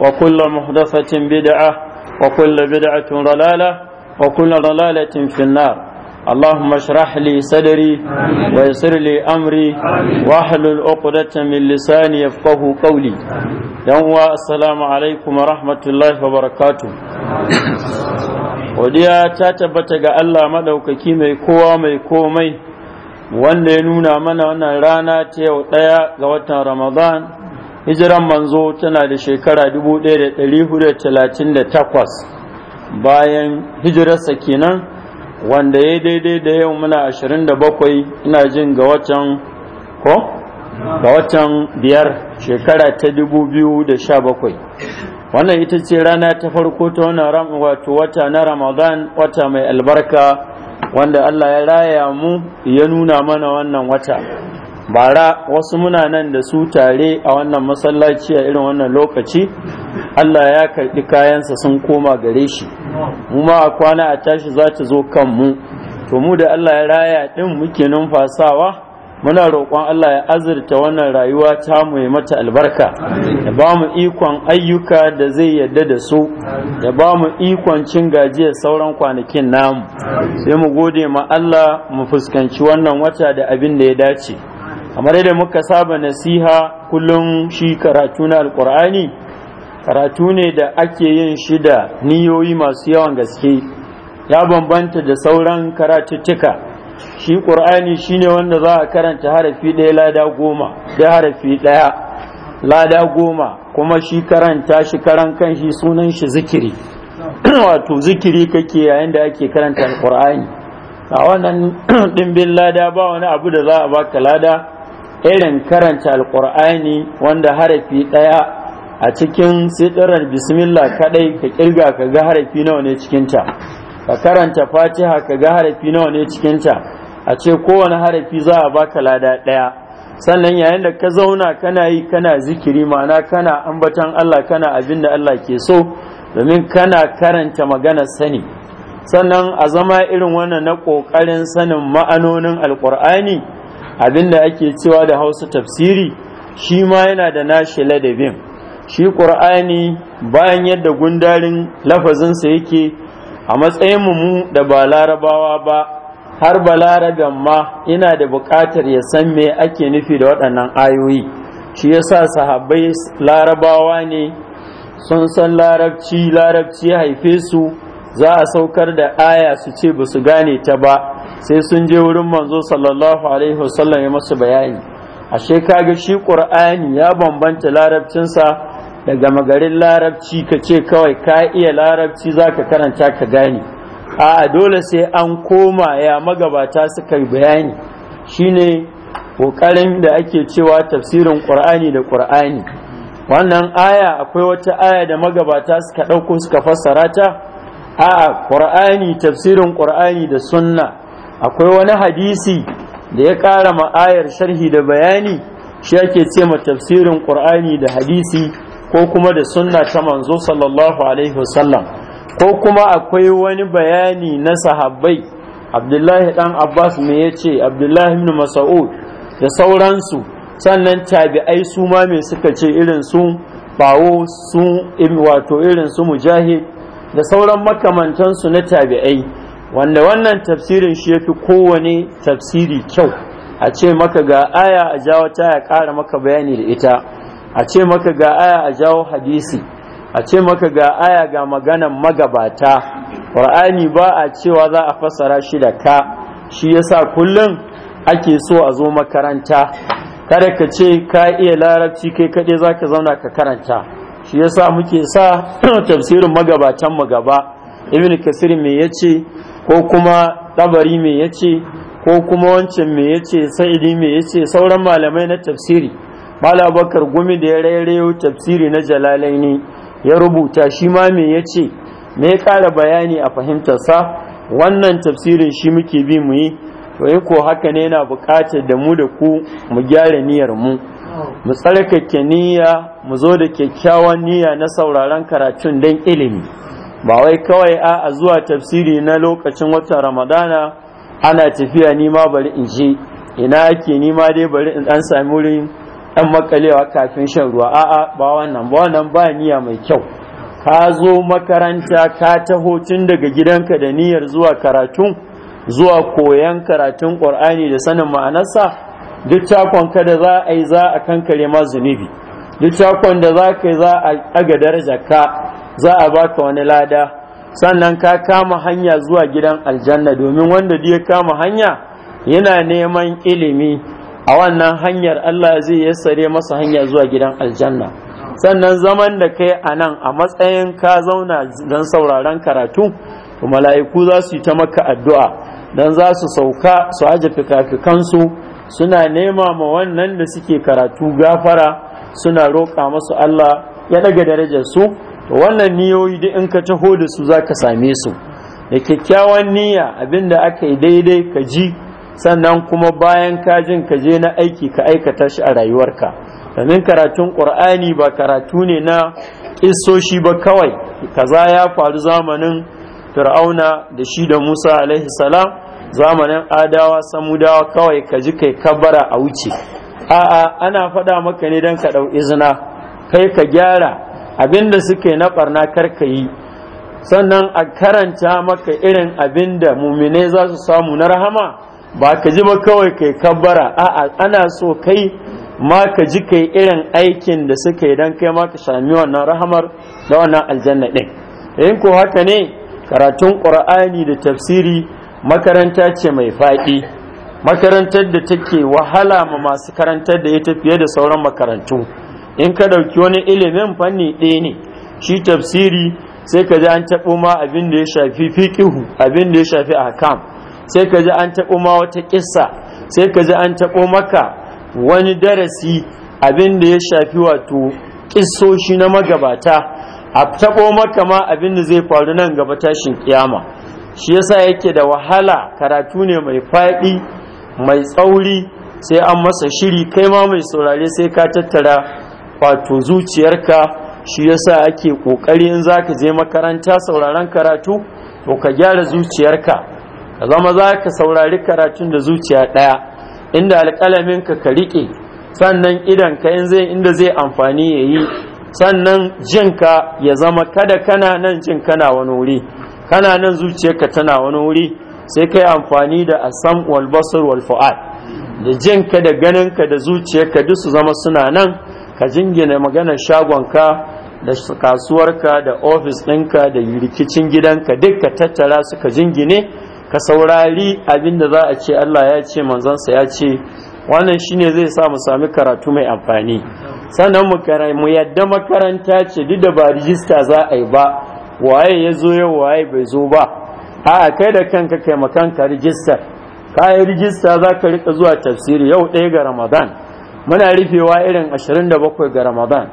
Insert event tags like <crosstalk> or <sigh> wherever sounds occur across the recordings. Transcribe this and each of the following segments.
وكل محدثة بدعة وكل بدعة ضلالة وكل ضلالة في النار اللهم اشرح لي صدري ويسر لي أمري واحلل عقدة من لساني يفقه قولي يوم السلام عليكم ورحمة الله وبركاته godiya ta tabbata ga Allah maɗaukaki mai kowa mai komai wanda ya nuna mana wannan rana ta yau ɗaya ga watan Ramadan hijiran manzo tana da shekara 1438 bayan hijirarsa kenan wanda ya daidai da yau muna 27 ina jin ga watan ko ga watan biyar shekara ta 2017 wannan ita ce rana ta farko ta wannan wato wata na ramadan wata mai albarka wanda allah ya raya mu ya nuna mana wannan wata bara wasu muna nan da su tare a wannan masallaci a irin wannan lokaci Allah ya karɓi kayansa sun koma gare shi mu ma a kwana a tashi za ta zo kan mu to mu da Allah ya raya ɗin muke numfasawa muna roƙon Allah ya azurta wannan rayuwa ta mu ya mata albarka ya ba mu ikon ayyuka da zai yadda da su ya ba mu ikon cin gajiya sauran kwanakin namu sai mu gode ma Allah mu fuskanci wannan wata da abin da ya dace kamar yadda muka saba nasiha kullum shi karatu na alkur'ani karatu ne da ake yin shi da niyoyi masu yawan gaske ya bambanta da sauran karatuttuka shi ƙur'ani shine wanda za a karanta harafi ɗaya lada goma da harafi ɗaya lada goma kuma shi karanta shi karan kan shi sunan shi zikiri <clears throat> wato zikiri kake yayin da ake karanta alƙur'ani a wannan <clears throat> ɗimbin lada ba wani abu da za a baka lada irin karanta alkur'ani wanda harafi ɗaya a cikin sitirar bismillah kadai ka kirga ka ga harafi nawa ne cikinta ka karanta fatiha ka ga harafi nawa ne cikinta a ce kowane harafi za a baka lada ɗaya sannan yayin da ka zauna kana yi kana zikiri ma'ana kana ambatan Allah kana abin da Allah ke so domin kana karanta magana sani sannan a zama irin wannan na ƙoƙarin sanin ma'anonin alƙur'ani abinda ake cewa da hausa tafsiri shi ma yana da nashi ladabin shi ƙur'ani bayan yadda gundarin lafazinsa yake a matsayin mu da ba larabawa ba har ba ma ina da buƙatar ya san me ake nufi da waɗannan ayoyi shi yasa sahabbai larabawa ne sun san larabci larabci haife su za a saukar da aya su ce ba su gane ta ba sai sun je wurin manzo sallallahu alaihi wasallam ya masu bayani ashe ga shi qur'ani ya bambanta larabcinsa daga magarin larabci ka ce kawai ka iya larabci zaka karanta ka gane a dole sai an koma ya magabata suka yi bayani shine kokarin da ake cewa tafsirin qur'ani da qur'ani wannan aya akwai wata aya da magabata suka ɗauko suka fassara ta a'a qur'ani tafsirin qur'ani da sunna akwai wani hadisi da ya ƙara ma'ayar sharhi da bayani shi ake ce ma tafsirin ƙur'ani da hadisi ko kuma da sunna ta manzo sallallahu alaihi wasallam ko kuma akwai wani bayani na sahabbai abdullahi ɗan abbas me ya ce abdullahi ibn mas'ud da sauransu sannan tabi'ai su ma me suka ce irin su bawo su wato irin su mujahid da sauran makamantansu na tabi'ai wanda wannan tafsirin shi yafi kowane tafsiri kyau a ce maka ga aya a jawo ta ya ƙara maka bayani da ita a ce maka ga aya a jawo hadisi a ce maka ga aya ga maganan magabata ƙur'ani ba a cewa za a fassara shi da ka shi yasa kullum ake so a zo makaranta kada ka ce ka iya larabci kai kaɗai za ka zauna ka karanta shi yasa muke sa <clears throat> tafsirin magabatan mu gaba ibn kasir me yace ko kuma ɗabari me ya ce ko kuma wancan me ya ce sa'idi me ya ce sauran malamai na tafsiri mala bakar gumi da ya rairayo tafsiri na jalalai ne ya rubuta shi ma me ya ce me ya ƙara bayani a fahimtarsa wannan tafsirin shi muke bi mu yi to yi eh ko haka ne yana buƙatar da mu da ku mu gyara niyyar mu mu tsarkake niyya mu zo da kyakkyawan niyya na sauraron karatun don ilimi ba wai kawai a zuwa tafsiri na lokacin watan ramadana ana tafiya nima bari in je ina ake nima dai bari in dan sami wurin dan makalewa kafin shan ruwa a'a ba wannan ba wannan ba niyya mai kyau ka zo makaranta ka taho tun daga gidanka da niyyar zuwa karatun zuwa koyan karatun qur'ani da sanin ma'anarsa duk takon ka da za a yi za a kankare ma zunubi duk takon da za ka yi za a ga darajar ka za a baka wani lada sannan ka kama hanya zuwa gidan aljanna domin wanda ya kama hanya yana neman ilimi a wannan hanyar Allah zai yassare masa hanya zuwa gidan aljanna sannan zaman da kai a nan a matsayin ka zauna don sauraron karatu to mala'iku za su yi ta maka addu'a don za su sauka su aje fikafikansu suna nema ma wannan da suke karatu gafara suna roƙa masu Allah ya daga darajar su to wannan niyoyi duk in ka taho da su za ka same su da kyakkyawan niyya abinda aka yi daidai ka ji sannan kuma bayan kajin ka je na aiki ka aikata shi a rayuwarka domin karatun ƙur'ani ba karatu ne na ƙisoshi ba kawai kaza ya faru zamanin fir'auna da shi da musa alaihi salam zamanin adawa samudawa kawai ka ji kai kabara a wuce a'a ana faɗa maka ne don ka ɗau izina kai ka gyara abinda suke na barna karka yi sannan a karanta maka irin abinda mumine za su samu na rahama ba ka ji ba kawai kai kabbara a'a ana so kai ma ka ji kai irin aikin da suka yi don kai ma ka sami wannan rahamar da wannan aljanna ɗin in ko haka ne karatun ƙur'ani da tafsiri makaranta ce mai faɗi makarantar da take wahala ma masu karantar da ita fiye da sauran makarantu in ka ɗauki wani ilimin fanni ɗaya ne shi tafsiri sai ka ji an taɓo ma abin da ya shafi fiƙihu abin da ya shafi kam. sai ka ji an taɓo ma wata ƙissa sai ka ji an taɓo maka wani darasi abin da ya shafi wato ƙisoshi na magabata a taɓo maka ma abin da zai faru nan gaba tashin kiyama shi yasa yake da wahala karatu ne mai faɗi mai tsauri sai an masa shiri kai ma mai saurare sai ka tattara wato zuciyarka shi yasa ake kokari in zaka je makaranta sauraron karatu to ka gyara zuciyarka ka zama za ka saurari karatun da zuciya ɗaya inda alƙalamin ka ka riƙe sannan idan ka in zai inda zai amfani ya yi sannan jinka ya zama kada kana nan jin kana wani wuri kana nan zuciyarka tana wani wuri sai ka amfani da asam wal basar wal fu'ad da jinka da ganinka da zuciyarka duk su zama suna nan ka jingina maganar shagonka da kasuwarka da ofis ɗinka da rikicin gidanka duk ka tattara su ka jingine ka saurari abin da za a ce Allah ya ce manzansa ya ce wannan shine zai sa mu sami karatu mai amfani sannan mu yadda makaranta ce duk da ba rijista za a yi ba waye ya zo yau waye bai zo ba a kai da kanka kai makanka rijistar ka yi rijista za ka rika zuwa tafsiri yau ɗaya ga ramadan muna rufewa irin 27 ga ramadan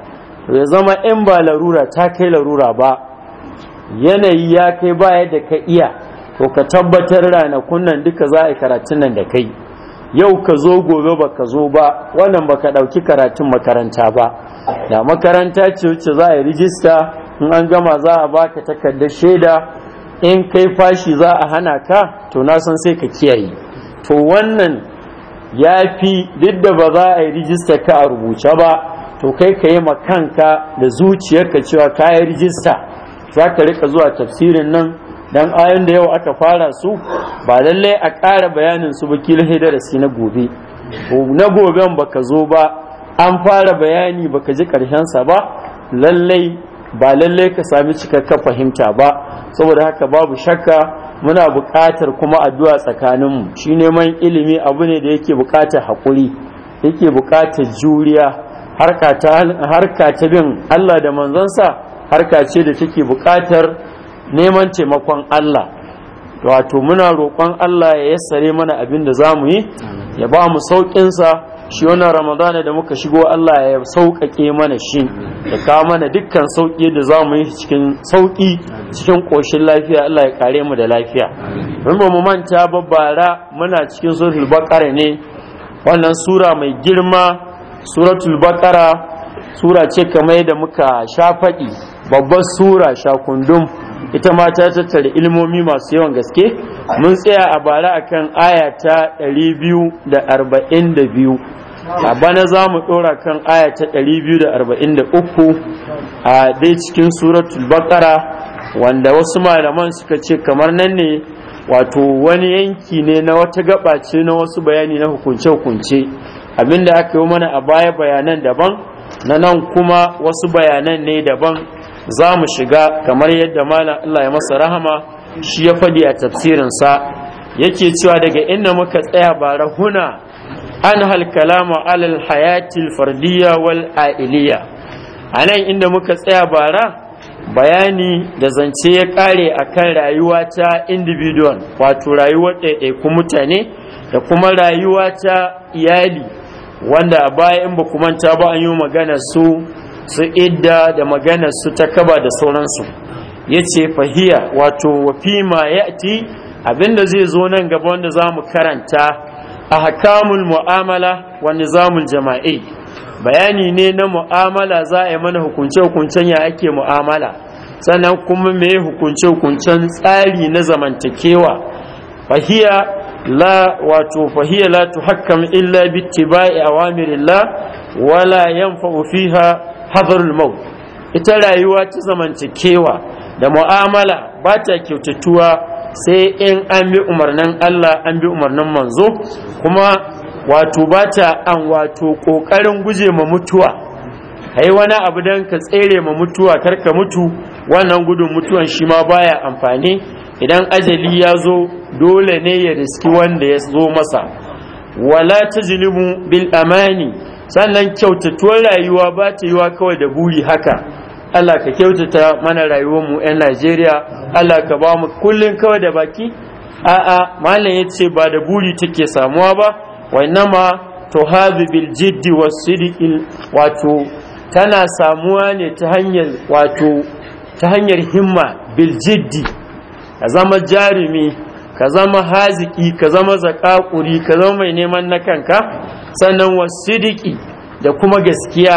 to ya zama in ba larura ta kai larura ba yanayi ya kai baya da ka iya to ka tabbatar ranakun nan duka za a karatun nan da kai yau ka zo gobe ba ka zo ba wannan ba ka ɗauki karatun makaranta ba da makaranta ce wacce za a yi rijista in an gama za a baka takardar shaida in kai fashi za a hana ka to na san sai ka kiyaye to wannan ya fi duk da ba za a yi rijista ka a rubuce ba to kai ka yi kanka da zuciyarka cewa ka yi rijista za ka rika zuwa tafsirin nan don ayon da yau aka fara su ba lallai a ƙara bayanin su ba da hidarasi na gobe na goben baka zo ba an fara bayani baka ji sa ba lallai ba lallai ka sami cikakka fahimta ba saboda haka babu shakka muna buƙatar kuma addu'a tsakaninmu shi neman ilimi abu ne da yake buƙatar haƙuri yake buƙatar juriya harka ta bin Allah da manzansa harka ce da take buƙatar neman taimakon Allah wato muna roƙon Allah ya yassare mana abin da za yi ya ba mu sauƙinsa shi wannan ramadana da muka shigo Allah ya sauƙaƙe mana shi da kawo mana dukkan sauƙi da za mu yi cikin sauƙi cikin ƙoshin lafiya Allah ya kare mu da lafiya mun ba mu manta babbara muna cikin suratul baqara ne wannan sura mai girma suratul baqara sura ce kamar da muka sha faɗi babbar sura sha kundum ita ma ta tattara ilmomi masu yawan gaske mun tsaya a bara akan aya ta 242 a bana za mu ɗora kan aya ta 243 a dai cikin suratul bakara wanda wasu malaman suka ce kamar nan ne wato wani yanki ne na wata gaba ce na wasu bayani na hukunce-hukunce abinda aka yi mana a baya bayanan daban na nan kuma wasu bayanan ne daban za mu shiga kamar yadda malam Allah ya masa rahama shi ya faɗi a tafsirinsa yake cewa daga inda muka tsaya ba rahuna an halkala alal hayatil fardiyya wal a'iliya a nan inda muka tsaya bara bayani da zance ya kare a kan rayuwa ta individual wato rayuwar ɗaiɗaiku mutane da kuma rayuwa ta iyali wanda a baya in ba manta ba an yi magana su su idda da maganar su ta kaba da sauransu ya ce, fahiya wato wafima ya'ti abinda zai zo nan gaba wanda za mu karanta a hakamun mu'amala wa nizamul jama'i bayani ne na mu'amala za a yi mana hukunce-hukuncen ya ake mu'amala sannan kuma mai hukunce-hukuncen tsari na zamantakewa fahiya la wato fahiya la tuhakkam illa bittiba'i awamirillah wala yanfa'u fiha hadarul maut ita rayuwa ta zamantakewa da mu'amala ba ta kyautatuwa sai in an bi umarnin Allah an bi umarnin manzo kuma wato ba ta an wato ƙoƙarin guje ma mutuwa kai wani abu dan ka tsere ma mutuwa kar ka mutu wannan gudun mutuwan shi ma baya amfani idan ajali ya zo dole ne ya riski wanda ya zo masa wala tajlibu bil amani sannan kyautatuwar rayuwa ba ta yiwa kawai da buri haka Allah ka kyautata mana rayuwar mu 'yan Najeriya Allah ka ba mu kullun kawai da baki a'a malam ya ce ba da buri take samuwa ba wannan ma tuhabi bil jiddi was sidqi wato tana samuwa ne ta hanyar wato ta hanyar himma bil jiddi zama jarumi ka zama haziki ka zama zakakuri ka zama mai neman na kanka sannan wasidiki da kuma gaskiya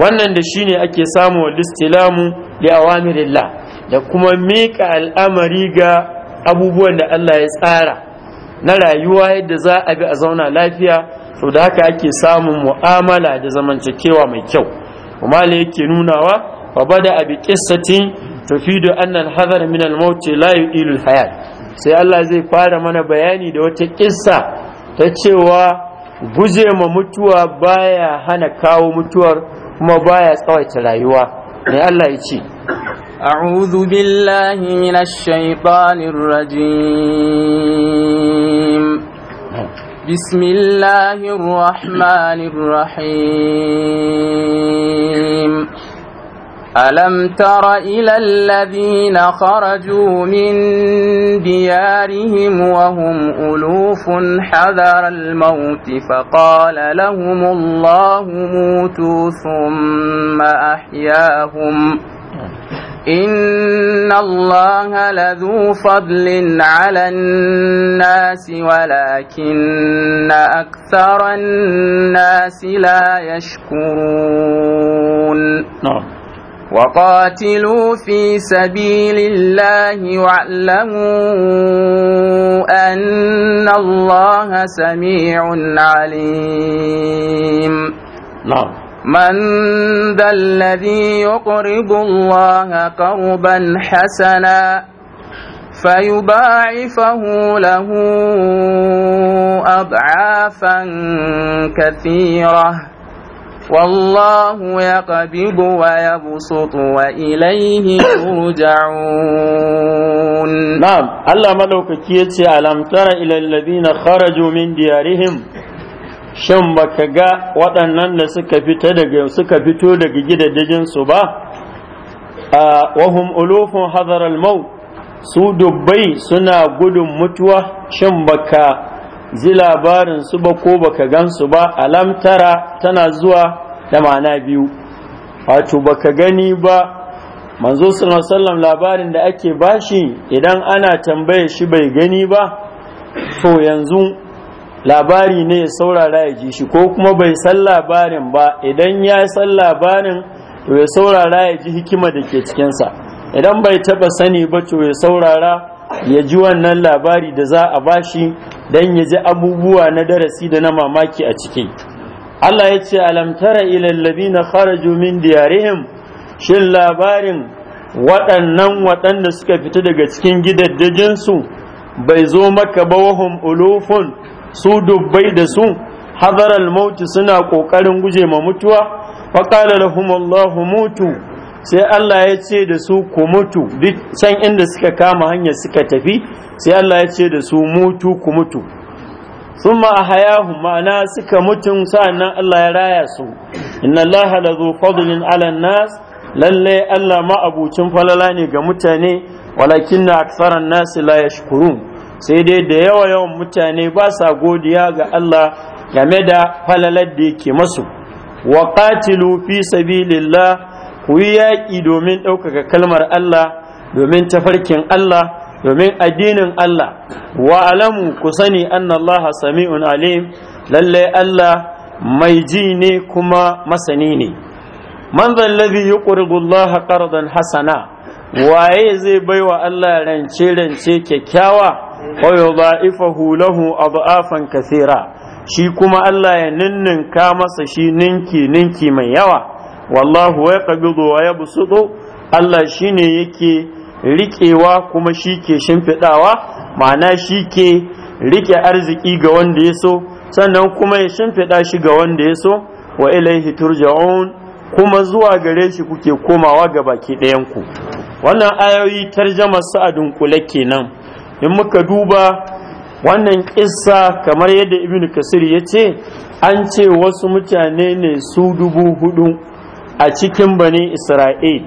wannan da shine ake samu listilamu li awamirillah da kuma miƙa al'amari ga abubuwan da Allah ya tsara na rayuwa yadda za a bi a zauna lafiya to da haka ake samun mu'amala da zamantakewa mai kyau kuma yake nunawa wa bada abi qissatin tufidu anna al-hadar min al-maut la yu'ilu al-hayat sai Allah zai fara mana bayani da wata kissa ta cewa guje ma mutuwa baya hana kawo mutuwar kuma baya tsawaita rayuwa ne Allah ya ce أعوذ بالله من الشيطان الرجيم بسم الله الرحمن ألم تر إلى الذين خرجوا من ديارهم وهم ألوف حذر الموت فقال لهم الله موتوا ثم أحياهم إن الله لذو فضل على الناس ولكن أكثر الناس لا يشكرون نعم وقاتلوا في سبيل الله واعلموا أن الله سميع عليم نعم من ذا الذي يقرض الله قرضا حسنا فيباعفه له أضعافا كثيرة والله يقبض ويبسط وإليه ترجعون نعم الله ملوك كيتي ألم تر إلى الذين خرجوا من ديارهم shan baka ga waɗannan da suka fita daga suka fito daga gidajensu ba wahum ulufun hadar al su dubbai suna gudun mutuwa shin baka ji labarin su ba ko baka gansu ba alam tara tana zuwa da ma'ana biyu wato baka gani ba manzo sallallahu labarin da ake bashi idan ana tambaye shi bai gani ba to yanzu labari ne ya saurara ya ji shi ko kuma bai san labarin ba idan ya san labarin to ya saurara ya ji hikima da ke cikinsa idan bai taba sani ba to ya saurara ya ji wannan labari da za a bashi don ya ji abubuwa na darasi da na mamaki a ciki Allah ya ce alamtara ilallabi na kharaju min diyarihim shin labarin waɗannan waɗanda suka fita daga cikin su bai zo maka ba wahum ulufun su dubbai da su hadaral mautu suna ƙoƙarin guje ma mutuwa wa qala mutu sai Allah ya ce da su ku mutu duk san inda suka kama hanyar suka tafi sai Allah ya ce da su mutu ku mutu sun hayahu ma'ana suka mutun sa'annan Allah ya raya su inna Allah la zu fadlin ala nas lalle Allah ma ma'abucin falala ne ga mutane walakin na aksaran nasi la yashkurun sai dai da yawa yawan mutane ba sa godiya ga Allah game da falalar da yake masu wa qatilu fi sabilillah ku yi yaƙi domin ɗaukaka kalmar Allah domin tafarkin Allah domin addinin Allah wa alamu ku sani annallaha sami'un alim lalle Allah mai ji ne kuma masani ne man zallabi yuqridu Allah qardan hasana waye zai baiwa Allah rance rance kyakkyawa ifa hulahu lahu adafan kasira shi kuma Allah ya ninninka masa shi ninki ninki mai yawa wallahu ya qabidu wa yabsutu Allah shine yake riƙewa kuma shi ke shimfiɗawa ma'ana shi ke riƙe arziki ga wanda ya so sannan kuma ya shimfiɗa shi ga wanda ya so wa ilaihi turja'un kuma zuwa gare shi kuke komawa ga baki ɗayanku wannan ayoyi tarjama su a dunkule kenan in muka duba wannan kissa kamar yadda ibn kasir ya ce an ce wasu mutane ne su dubu hudu a cikin bani isra'il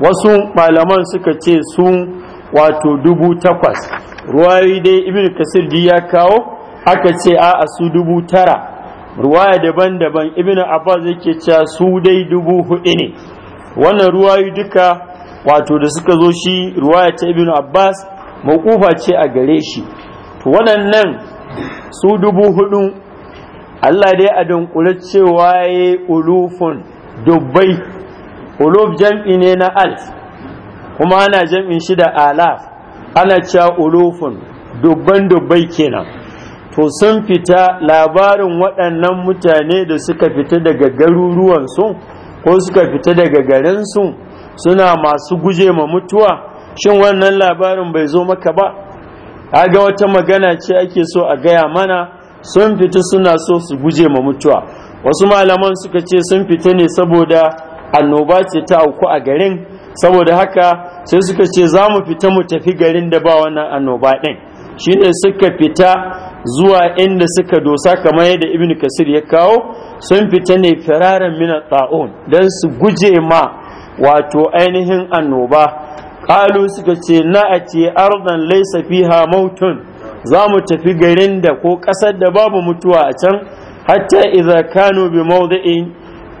wasu malaman suka ce sun wato dubu takwas ruwayi dai ibn kasir di ya kawo aka ce a su dubu tara ruwaya daban-daban ibn abbas yake cewa su dai dubu hudu ne wannan ruwayi duka wato da suka zo shi ruwaya ta ibn abbas makufa ce a gare shi waɗannan su dubu hudu Allah dai a dunkule cewa ya ulufun dubbai uluf jam'i ne na alf kuma ana jam'in shi da alaf ana cewa ulufun dubban dubbai kenan to sun fita labarin waɗannan mutane da suka fita daga garuruwansu ko suka fita daga garinsu suna masu guje ma mutuwa shin wannan labarin bai zo maka ba ga wata magana ce ake so a gaya mana sun fita suna so su guje ma mutuwa wasu malaman suka ce sun fita ne saboda annoba ce ta auku a garin saboda haka sai suka ce za mu fita mu tafi garin da ba wannan annoba ɗin shine suka fita zuwa inda suka dosa kamar yadda ibn kasir ya kawo sun fita ne firaran mina ta'un don su guje ma wato ainihin annoba ƙalu suka ce na a ce ardan laisa fiha mautun za mu tafi garin da ko ƙasar da babu mutuwa a can hatta إذا كانوا bi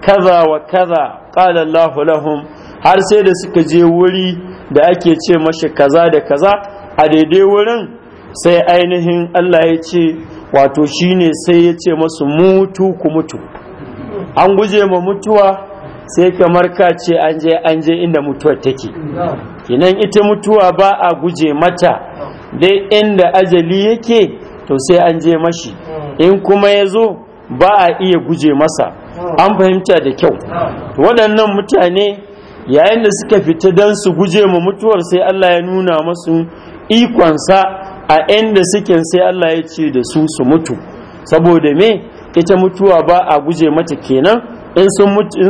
كذا kaza wa kaza لهم lahum har sai da suka je wuri da ake ce mashi kaza da kaza a daidai wurin sai ainihin Allah ya ce wato shine sai ya ce masu mutu ku mutu an guje ma mutuwa sai kamar ka ce an je an je inda mutuwa take kinan ita mutuwa ba a guje mata dai inda ajali yake to sai an je mashi in kuma ya zo ba a iya guje masa an fahimta da kyau waɗannan mutane yayin da suka fita don su guje ma mutuwar sai Allah ya nuna masu ikonsa a inda suke sai Allah ya ce da su su mutu saboda me ita mutuwa ba a guje mata kenan in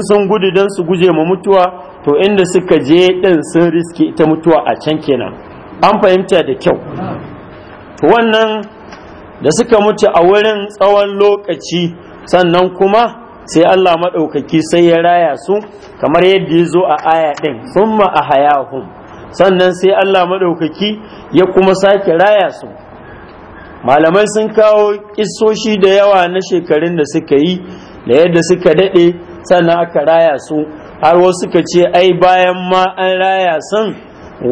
sun gudu don su guje ma mutuwa to inda suka je ɗin sun riske ita mutuwa a can kenan an fahimta da kyau wannan da suka mutu a wurin tsawon lokaci sannan kuma sai Allah maɗaukaki sai ya raya su kamar yadda ya zo a aya ɗin sun a hayahun, sannan sai Allah maɗaukaki ya kuma sake raya su malamai sun kawo ƙisoshi da yawa na shekarun da suka yi da yadda suka daɗe sannan aka raya su har wasu ka ce ai bayan ma an raya sun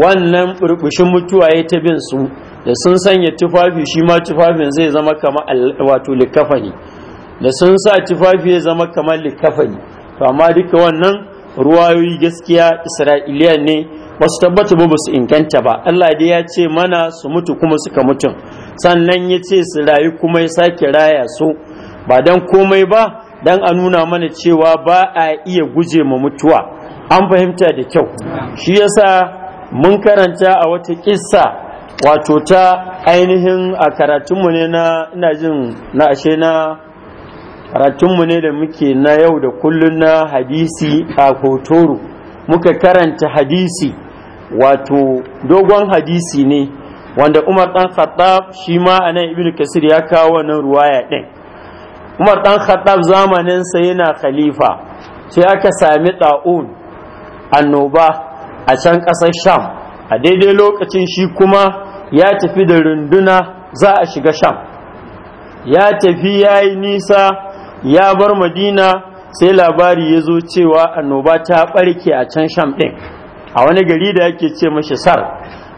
wannan burbushin mutuwa ya ta bin su da sun sanya tufafi shi ma tufafin zai zama kama wato likafani da sun sa tufafi ya zama kamar likafani to amma duka wannan ruwayoyi gaskiya isra'iliya ne ba su tabbata ba su inganta ba Allah dai ya ce mana su mutu kuma suka mutum sannan ya ce su rayu kuma ya sake raya su ba dan komai ba dan a nuna mana cewa ba a iya guje ma mutuwa an fahimta da kyau shi yasa mun karanta a wata kissa wato ta ainihin a karatunmu ne na ina jin na ashe na karatunmu ne da muke na yau da kullun na hadisi a kotoro muka karanta hadisi wato dogon hadisi ne wanda umar dan khattab shi ma a nan ibn kasir ya kawo wannan ruwaya ɗin umar dan khattab zamaninsa yana khalifa sai aka sami ɗa'un annoba a can ƙasar sham a daidai lokacin shi kuma ya tafi da runduna za a shiga sham ya tafi ya yi nisa ya bar madina sai labari ya zo cewa annoba ta ɓarke a can sham ɗin a wani gari da yake ce mashi sar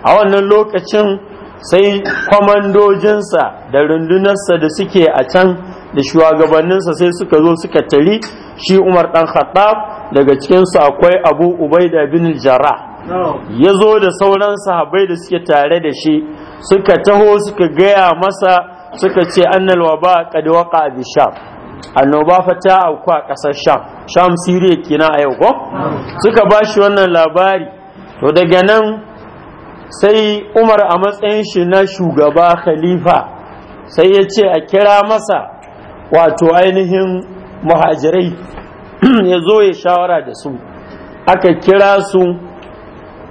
a wannan lokacin sai kwamandojinsa da rundunarsa da suke a can da shugabanninsa sai suka zo suka tari shi umar ɗan khattab daga cikinsu akwai abu ubaida bin jara. ya zo da sauran sahabbai da suke tare da shi suka taho suka gaya masa suka ce annal waba qad a bi sham annoba fa ta auku a kasar sham sham siriya kina a yau ko suka ba shi wannan labari to daga nan sai umar a matsayin shi na shugaba khalifa sai ya ce a kira masa wato ainihin muhajirai <clears throat> ya zo ya shawara da su aka kira su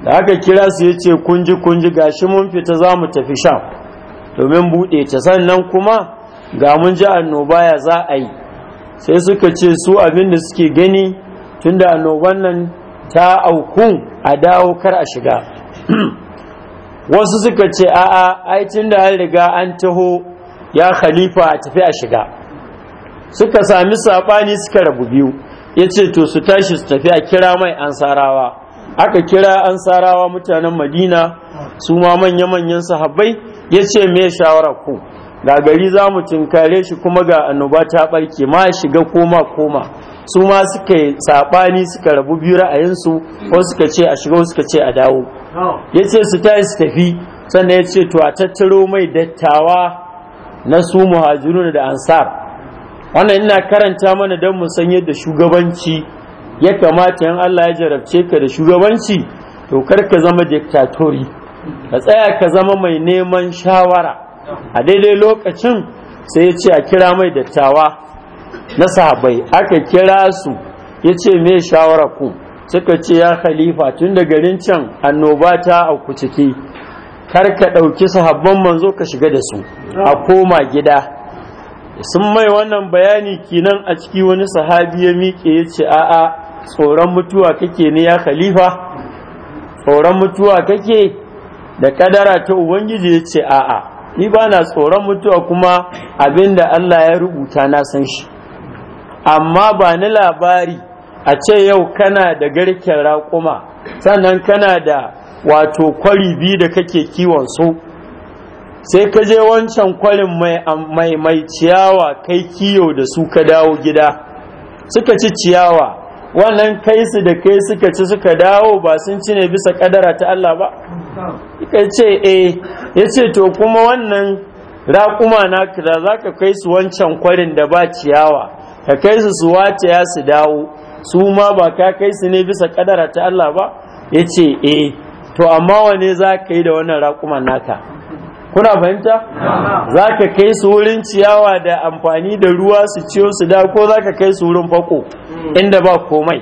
da aka kira su ya ce kunji kunji gashi mun fita za mu tafi sham domin buɗe ta sannan kuma ga mun ji annoba ya za a yi sai suka ce su abin da suke gani tunda annoban nan ta auku a dawo kar a shiga <clears throat> wasu suka ce a'a ai da an riga an taho ya khalifa a tafi a shiga suka sami saɓani suka rabu biyu ya ce to su tashi su tafi a kira mai ansarawa aka kira ansarawa mutanen madina su ma manya-manyan sahabbai ya ce me shawara ku ga gari za mu tinkare shi kuma ga annoba ta barke ma shiga koma koma su ma suka yi saɓani suka rabu biyu ra'ayinsu ko suka ce a shiga suka ce a dawo ya ce su tayi su tafi sannan ya ce to a tattaro mai dattawa na su muhajiru da ansar wannan ina karanta mana don mu san yadda shugabanci ya kamata in Allah ya jarabce ka da shugabanci to kar ka zama diktatori ka tsaya ka zama mai neman shawara a daidai lokacin sai ya ce a kira mai dattawa na sahabai aka kira su ya ce me shawara ku suka ce ya khalifa tun da garin can annoba ta a ku ciki kar ka ɗauki sahabban manzo ka shiga da su a koma gida sun mai wannan bayani kinan a ciki wani sahabi ya miƙe ya ce a'a tsoron mutuwa kake ne ya khalifa tsoron mutuwa kake da kadara ta ubangiji ya ce a'a ni ba na tsoron mutuwa kuma abinda Allah ya rubuta na san shi amma ba ni labari a ce yau kana da garken raƙuma sannan kana da wato kwari biyu da kake kiwon su sai ka je wancan kwarin mai mai ciyawa kai kiyo da su ka dawo gida suka ci ciyawa wannan kai su da kai suka ci suka dawo ba sun ci ne bisa kadara ta Allah ba ka ce eh ya ce to kuma wannan raƙuma na kira za ka kai su wancan kwarin da ba ciyawa ka kai su su wace ya su dawo su ma ba ka kai su ne bisa kadara ta Allah ba ya ce eh to amma wane za ka yi da wannan raƙuman naka kuna fahimta za ka kai su wurin ciyawa da amfani da ruwa su ciyo su da ko za ka kai su wurin fako inda ba komai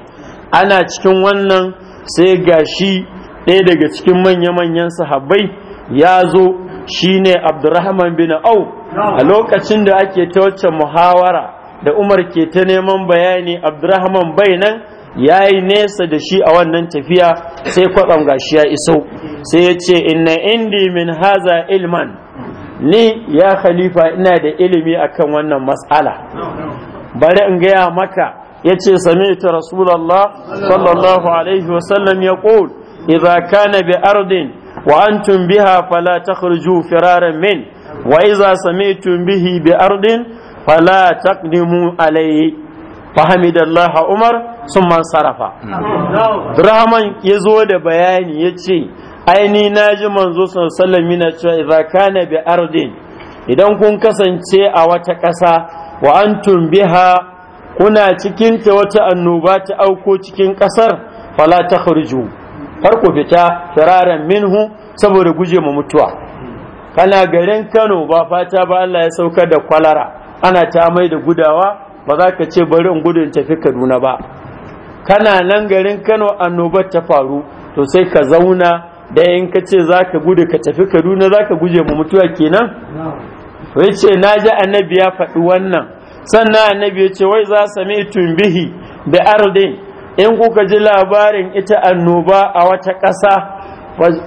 ana cikin wannan sai gashi ɗaya daga cikin manya-manyan sahabbai ya zo shi ne abdurrahman bin au a lokacin da ake ta wacce muhawara da umar ke ta neman bayani abdurrahman bai nan ya yi nesa da shi a wannan tafiya sai kwaɗon gashi ya iso sai ya ce inna indi min haza ilman ni ya khalifa ina da ilimi akan wannan mas'ala bari in gaya maka yace ta rasulullah sallallahu alaihi wasallam yaqul idza kana bi ardin wa antum biha fala takhruju firaran min wa idza sami bihi bi ardin fala taqdimu alayhi فحمد Umar, عمر Sarafa. Rahman ya zo da bayani yace aini naji manzo sallallahu alaihi wasallam cewa idza kana bi ardin idan kun kasance a wata ƙasa wa antum biha kuna cikin ta wata annoba ta auko cikin kasar fala ta kharju farko fita firaran minhu saboda guje ma mutuwa kana garin Kano ba fata ba Allah ya sauka da kwalara ana ta mai da gudawa ba za ka ce bari in gudu in tafi Kaduna ba kana nan garin Kano annobar ta faru to sai ka zauna da in ka ce za ka gudu ka tafi Kaduna za ka guje ma mutuwa kenan to ce na ji annabi ya faɗi wannan sannan annabi ya ce wai za sami tumbihi da ardin in kuka ji labarin ita annoba a wata ƙasa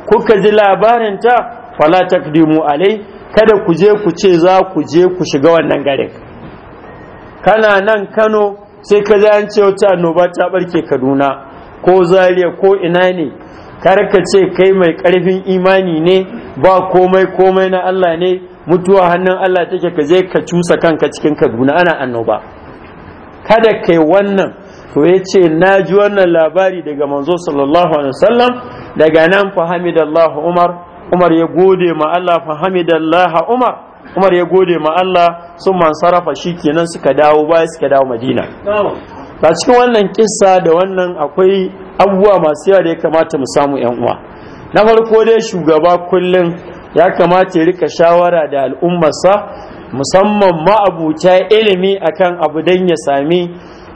kuka ji labarin ta fala takdimu alai kada ku je ku ce za ku je ku shiga wannan garin kana nan Kano sai ka an ce wata annoba ta barke Kaduna ko Zaria ko ina ne Kar ka ce kai mai ƙarfin imani ne ba komai komai na Allah ne mutuwa hannun Allah take ka je ka cusa kanka cikin Kaduna ana annoba kada kai wannan to ce na ji wannan labari daga manzo sallallahu alaihi wasallam daga nan fa hamidallahu Umar Umar ya gode ma Allah fa hamidallahu Umar Umar ya gode ma Allah sun man sarrafa kenan suka dawo baya suka dawo Madina a cikin wannan kissa da wannan akwai abubuwa masu yawa da ya kamata mu samu yan uwa na farko dai shugaba kullum ya kamata ya rika shawara da al'ummarsa musamman ma'abuta ilimi akan abu don ya sami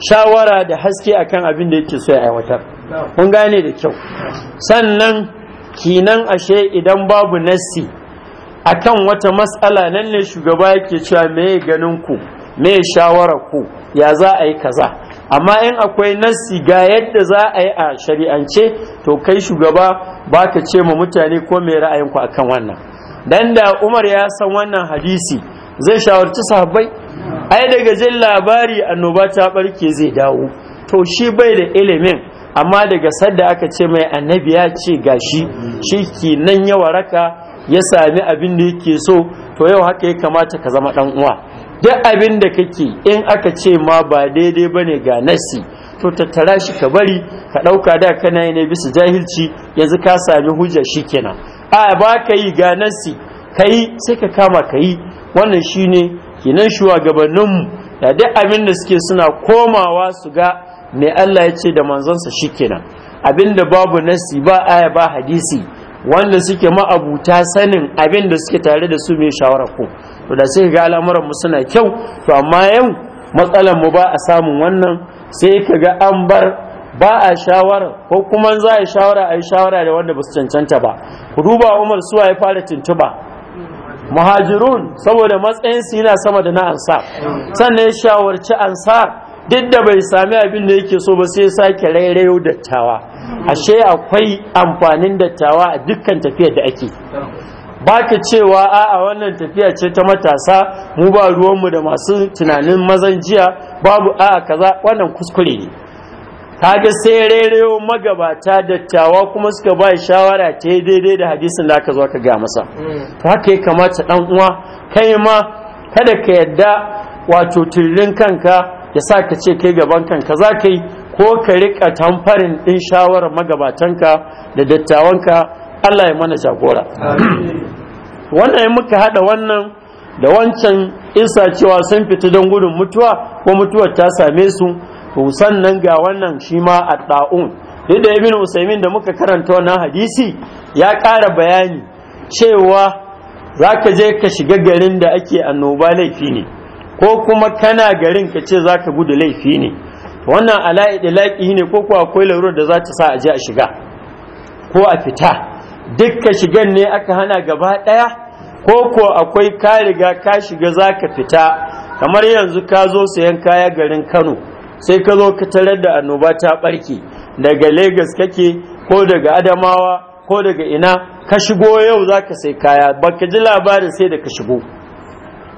shawara da haske akan abin da yake so ya aiwatar kun gane da kyau sannan kinan ashe idan babu nassi akan wata matsala nan ne shugaba yake cewa me ganin ku me shawara ku ya za a yi kaza amma in akwai nassi ga yadda za a yi a shari'ance to kai shugaba ba ka ce ma mutane ko mai ra'ayinku akan wannan dan da umar ya san wannan hadisi zai shawarci sahabbai ai daga jin labari annoba ta barke zai dawo to shi bai da ilimin amma daga sadda aka ce mai annabi ya ce gashi shi ke nan ya waraka ya sami abin da yake so to yau haka ya kamata ka zama dan uwa duk abin da kake in aka ce ma ba daidai ba ne ga nasi to tattara shi ka bari ka ɗauka da kana ne bisa jahilci yanzu ka sami hujja shi kenan a ba ka yi ga nasi ka yi sai ka kama ka yi wannan shi ne kinan shugabanninmu da duk abin da suke suna komawa su ga me Allah ya ce da manzonsa shi kenan abin babu nasi ba aya ba hadisi wanda suke ma'abuta sanin abin da suke tare da su mai shawara ko to da sai ga al'amuran mu suna kyau to amma yau matsalar mu ba a samun wannan sai kaga an bar ba a shawara ko kuma za a yi shawara a yi shawara da wanda ba su cancanta ba ku duba umar suwa ya fara tuntuba muhajirun saboda matsayinsu yana sama da na ansa, sannan ya shawarci ansa duk da bai sami abin da yake so ba sai ya sake rairayo dattawa ashe akwai amfanin dattawa a dukkan tafiyar da ake Baka cewa a wannan tafiya ce ta matasa mu ba ruwan mu da masu tunanin mazan jiya babu a kaza wannan kuskure ne kaga sai rerewa magabata dattawa kuma suka ba shawara ta daidai da hadisin da aka zo aka ga masa to haka ya kamata dan uwa kai ma kada ka yadda wato turin kanka ya sa ka ce kai gaban kanka za ka yi ko ka rika tamfarin din shawarar magabatanka da dattawanka Allah ya mana jagora wannan ya muka haɗa wannan da wancan isa cewa sun fita don gudun mutuwa ko mutuwar ta same su to sannan ga wannan shi ma a ɗa'un. duk da ibn usaimin da muka karanta wannan hadisi ya ƙara bayani cewa za ka je ka shiga garin da ake annoba laifi ne ko kuma kana garin ka ce za ka gudu laifi ne wannan ala'i da ne ko kuwa akwai larurar da za ta sa a je a shiga ko a fita dukka shigan ne aka hana gaba ɗaya ko ko akwai ka riga ka shiga za ka fita kamar yanzu ka zo sayan kaya garin kano sai ka zo ka tarar da annoba ta ɓarke daga Legas kake ko daga adamawa ko daga ina ka shigo yau za ka sai kaya baka ji labarin sai da ka shigo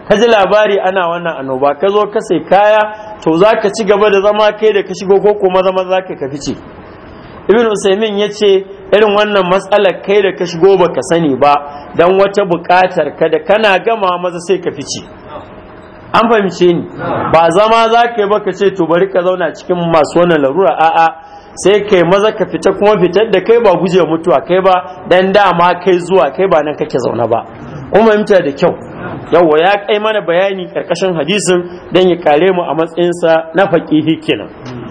ka ji labari ana wannan annoba ka zo ka sai kaya to za ka ci gaba da zama kai da ka shigo ko kuma zama za ka kafi ce ibn usaimin ya ce irin wannan matsalar kai da ka shigo ba ka sani ba don wata buƙatar ka da kana gama maza sai ka fice an fahimce ni ba zama za ka yi baka ce to bari ka zauna cikin masu wannan larura a'a sai kai maza ka fita kuma fitar da kai ba guje mutuwa kai ba dan dama kai zuwa kai ba nan kake zaune ba kuma fahimta da kyau yawa ya kai mana bayani karkashin hadisin dan ya kare mu a matsayinsa na fakihi kenan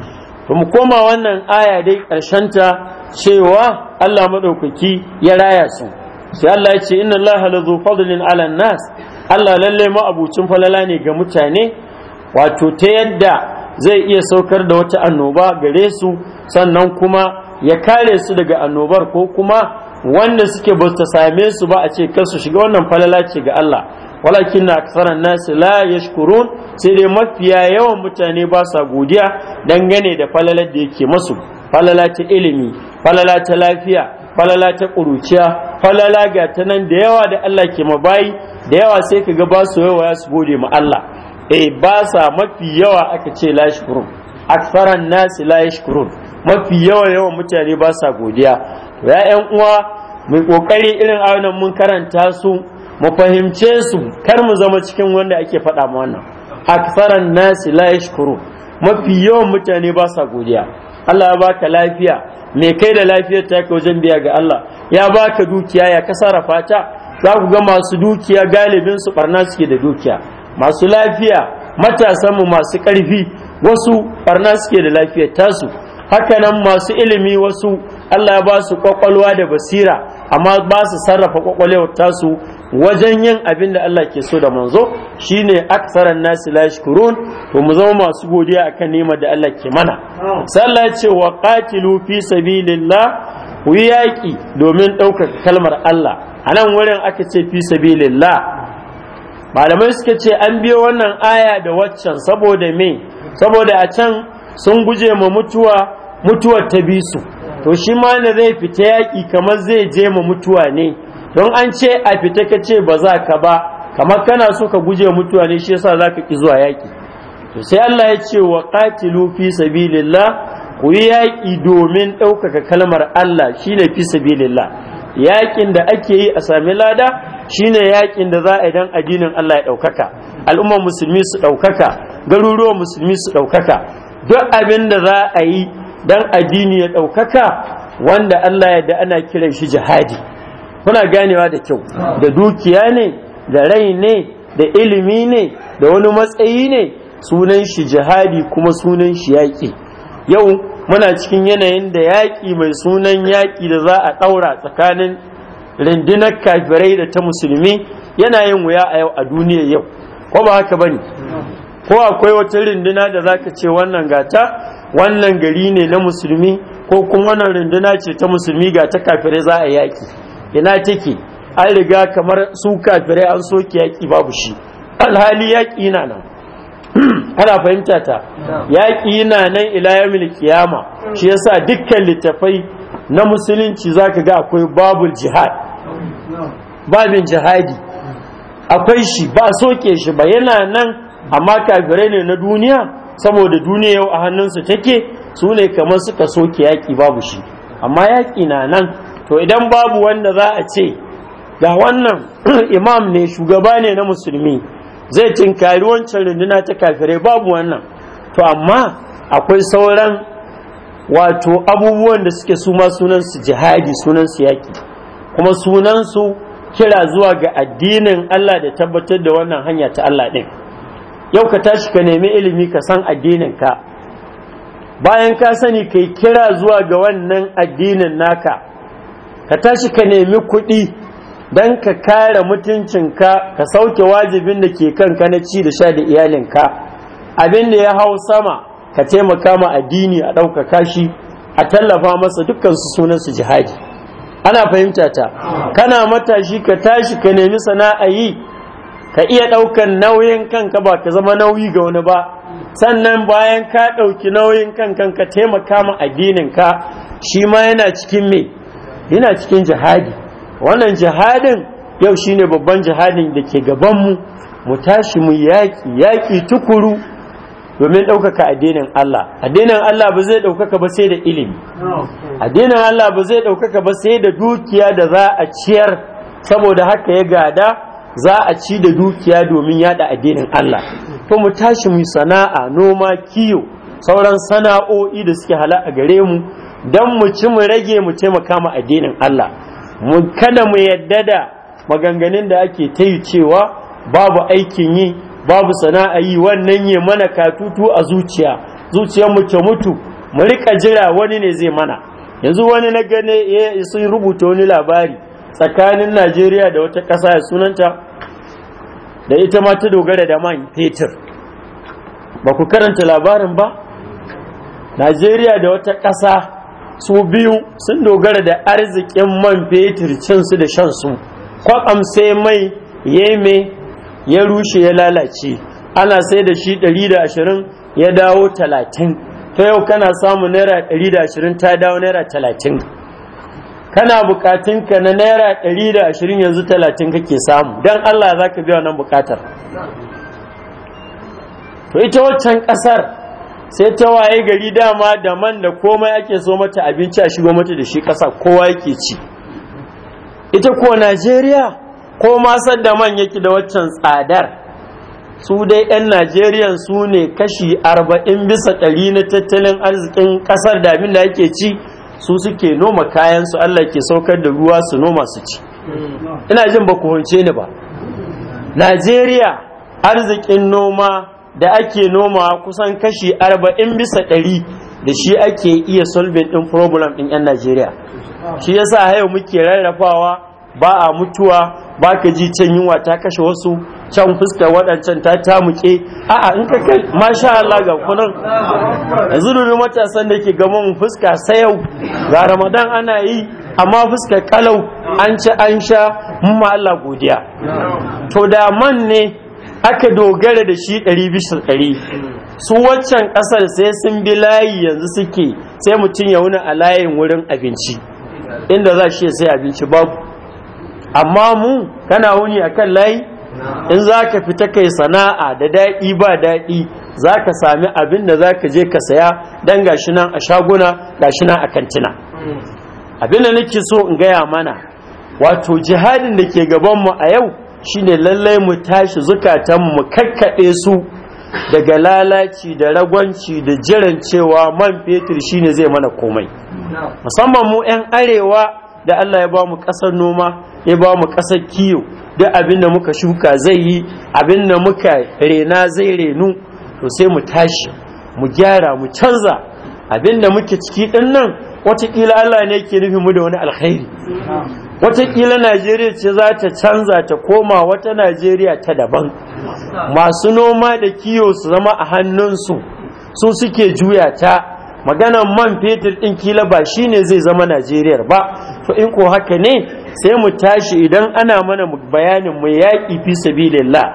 to mu koma wannan aya dai ta cewa Allah maɗaukaki ya raya su sai Allah ya ce inna Allah la fadlin ala nas Allah lalle ma abucin falala ne ga mutane wato ta yadda zai iya saukar da wata annoba gare su sannan kuma ya kare su daga annobar ko kuma wanda suke ba su same su ba a ce kar su shiga wannan falala ce ga Allah walakin na aksaran nasi la yashkurun sai dai mafiya yawan mutane ba sa godiya dangane da falalar da yake masu falala ta ilimi falala ta lafiya falala ta ƙuruciya falala ga ta nan da yawa da Allah ke mabayi da yawa sai kaga ga ba su yawa su gode ma Allah eh ba sa mafi yawa aka ce la yashkurun aksaran nasi la yashkurun mafi yawa yawan mutane ba sa godiya ya ƴan uwa mai kokari irin ayonan mun karanta su mu fahimce su kar mu zama cikin wanda ake faɗa mu wannan aksaran nasi la yashkuru mafi yawan mutane ba sa godiya Allah ya baka lafiya me kai da lafiyar ta wajen biya ga Allah ya baka dukiya ya kasara fata za ku ga masu dukiya galibin su barna suke da dukiya masu lafiya matasan mu masu ƙarfi wasu barna suke da lafiyar tasu hakanan masu ilimi wasu Allah ya ba su kwakwalwa da basira amma ba su sarrafa kwakwalwar tasu wajen yin abin da Allah ke so da manzo shine aksaran nasi la kurun. to mu zama masu godiya akan nema da Allah ke mana sallah ce wa qatilu fi sabilillah ku yaƙi domin ɗaukar kalmar Allah a nan wurin aka ce fi sabilillah malamai suka ce an biyo wannan aya da waccan saboda me saboda a can sun guje ma mutuwa mutuwar ta bi su to shi ma ne zai fita yaƙi kamar zai je ma mutuwa ne don an ce a fita ka ce ba za ka ba kamar kana so ka guje mutuwa ne shi yasa za ka ki zuwa yaƙi to sai Allah ya ce wa qatilu fi sabilillah ku yi yaƙi domin ɗaukaka kalmar Allah shine fi sabilillah yaƙin da ake yi a sami lada shine yaƙin da za a dan addinin Allah ya ɗaukaka al'ummar musulmi su ɗaukaka garuruwan musulmi su ɗaukaka duk abin da za a yi dan addini ya ɗaukaka wanda Allah ya da ana kiran shi jihadi kuna ganewa da kyau da dukiya ne da rai ne da ilimi ne da wani matsayi ne sunan shi jihadi kuma sunan shi yaƙi yau muna cikin yanayin da yaƙi mai sunan yaƙi da za a ɗaura tsakanin rundunar kafirai da ta musulmi yana yin wuya a yau a duniya yau ko ba haka bane ko akwai wata runduna da zaka ce wannan gata wannan gari ne na musulmi ko kuma wannan runduna ce ta musulmi ga ta kafirai za a yaƙi ina take an riga kamar su kafirai an soke yaƙi babu shi alhali yaƙi na nan <clears throat> ana fahimta ta yaƙi na nan ila yamil kiyama shi yasa dukkan littafai na musulunci zaka ga akwai babul jihad babin jihadi akwai shi ba soke shi ba yana nan amma kafirai ne na duniya saboda duniya yau a hannunsu take su ne kamar suka soke yaƙi babu shi amma yaƙi na nan to idan babu wanda za a ce ga wannan <clears throat> imam ne shugaba ne na musulmi zai tinkari wancan runduna ta kafirai babu wannan to amma akwai sauran wato abubuwan da suke suma sunansu jihadi sunansu yaki kuma sunansu kira zuwa ga addinin Allah da tabbatar da wannan hanya ta Allah ɗin yau ka tashi ka nemi ilimi ka san addinin ka bayan ka sani kai kira zuwa ga wannan addinin naka ka tashi ka nemi kuɗi don ka kare mutuncinka ka sauke wajibin da ke kanka na ci da sha da iyalinka abin da ya hau sama ka taimaka ma addini a ɗaukaka shi a tallafa masa dukkan su sunan su jihadi ana fahimta ta kana matashi ka tashi ka nemi sana'a yi ka iya ɗaukan nauyin kanka ba ka zama nauyi ga wani ba sannan bayan ka ɗauki nauyin kanka ka taimaka ma addinin ka shi ma yana cikin me yana cikin jihadi wannan jihadin yau shine babban jihadin da ke gabanmu mu tashi mu yaƙi yaƙi tukuru domin ɗaukaka addinin Allah addinin Allah ba zai ɗaukaka ba sai da ilimi addinin Allah ba zai ɗaukaka ba sai da dukiya da za a ciyar saboda haka ya gada za a ci da dukiya domin yada addinin Allah to mu tashi mu sana'a noma kiyo sauran sana'o'i da suke hala a gare mu don mu ci mu rage mu taimaka mu addinin Allah mu kada mu yadda da maganganun da ake ta yi cewa babu aikin yi babu sana'a yi wannan ya mana katutu a zuciya zuciyar mu ta mutu mu rika jira wani ne zai mana yanzu wani na gane ya sun rubuta wani labari tsakanin Najeriya da wata ƙasa ya sunanta da ita ma ta dogara da man fetur ba ku karanta labarin ba Najeriya da wata ƙasa su biyu sun dogara da arzikin man fetur cinsu da shansu kwakam sai mai ya mai ya rushe ya lalace ana sai da shi 120 ya dawo 30 ta yau kana samu naira 120 ta dawo naira 30 kana bukatun ka na naira da 120 yanzu 30 kake samu don allah za ka biya wannan bukatar to ita waccan kasar sai ta waye gari dama da man da komai ake so mata abinci a shigo mata da shi kasa kowa yake ci ita ko najeriya ko masar da man yake da waccan tsadar su dai 'yan najeriya su ne kashi arba'in bisa ɗari na tattalin arzikin ƙasar da abin da ake ci su suke noma kayan su allah ke saukar da ruwa su noma su ci ina jin ba ku hunce ni ba najeriya arzikin noma da ake noma kusan kashi arba'in bisa ɗari da shi ake iya solving ɗin problem ɗin 'yan Najeriya shi yasa yau muke rarrafawa ba a mutuwa ba ka ji can yunwa ta kashe wasu can fuskar waɗancan ta tamuke a'a in ka kai masha Allah ga kunan yanzu matasan da ke gama fuska sai yau, ga ramadan ana yi amma fuska kalau an ci an sha mun ma Allah godiya to da man ne aka dogara da shi ɗari bisa ɗari su waccan ƙasar sai sun bi layi yanzu suke sai mutum ya wuna a layin wurin abinci inda za shi sai abinci babu amma mu kana wuni a kan layi in za ka fita kai sana'a da daɗi ba daɗi za ka sami abin da za ka je ka saya don gashi nan a shaguna gashi nan a kantina abin da nake so in gaya mana wato jihadin da ke gabanmu a yau shine lallai mu tashi zukatan mu kakkaɗe su daga lalaci da ragwanci da jiran cewa man fetur shine zai mana komai musamman mu 'yan arewa da Allah ya ba mu ƙasar noma ya ba mu ƙasar kiyo da abin da muka shuka zai yi abin da muka rena zai renu to sai mu tashi mu gyara mu canza abin da muke ciki ɗin nan watakila Allah ne ke nufin mu da wani alkhairi watakila najeriya ce za ta canza ta koma wata najeriya ta daban masu noma da kiyo su zama a hannunsu su suke juya ta maganan man fetur ɗin kila ba shi ne zai zama najeriyar ba to in ko haka ne sai mu tashi idan ana mana bayanin mu yaƙi fi sabilillah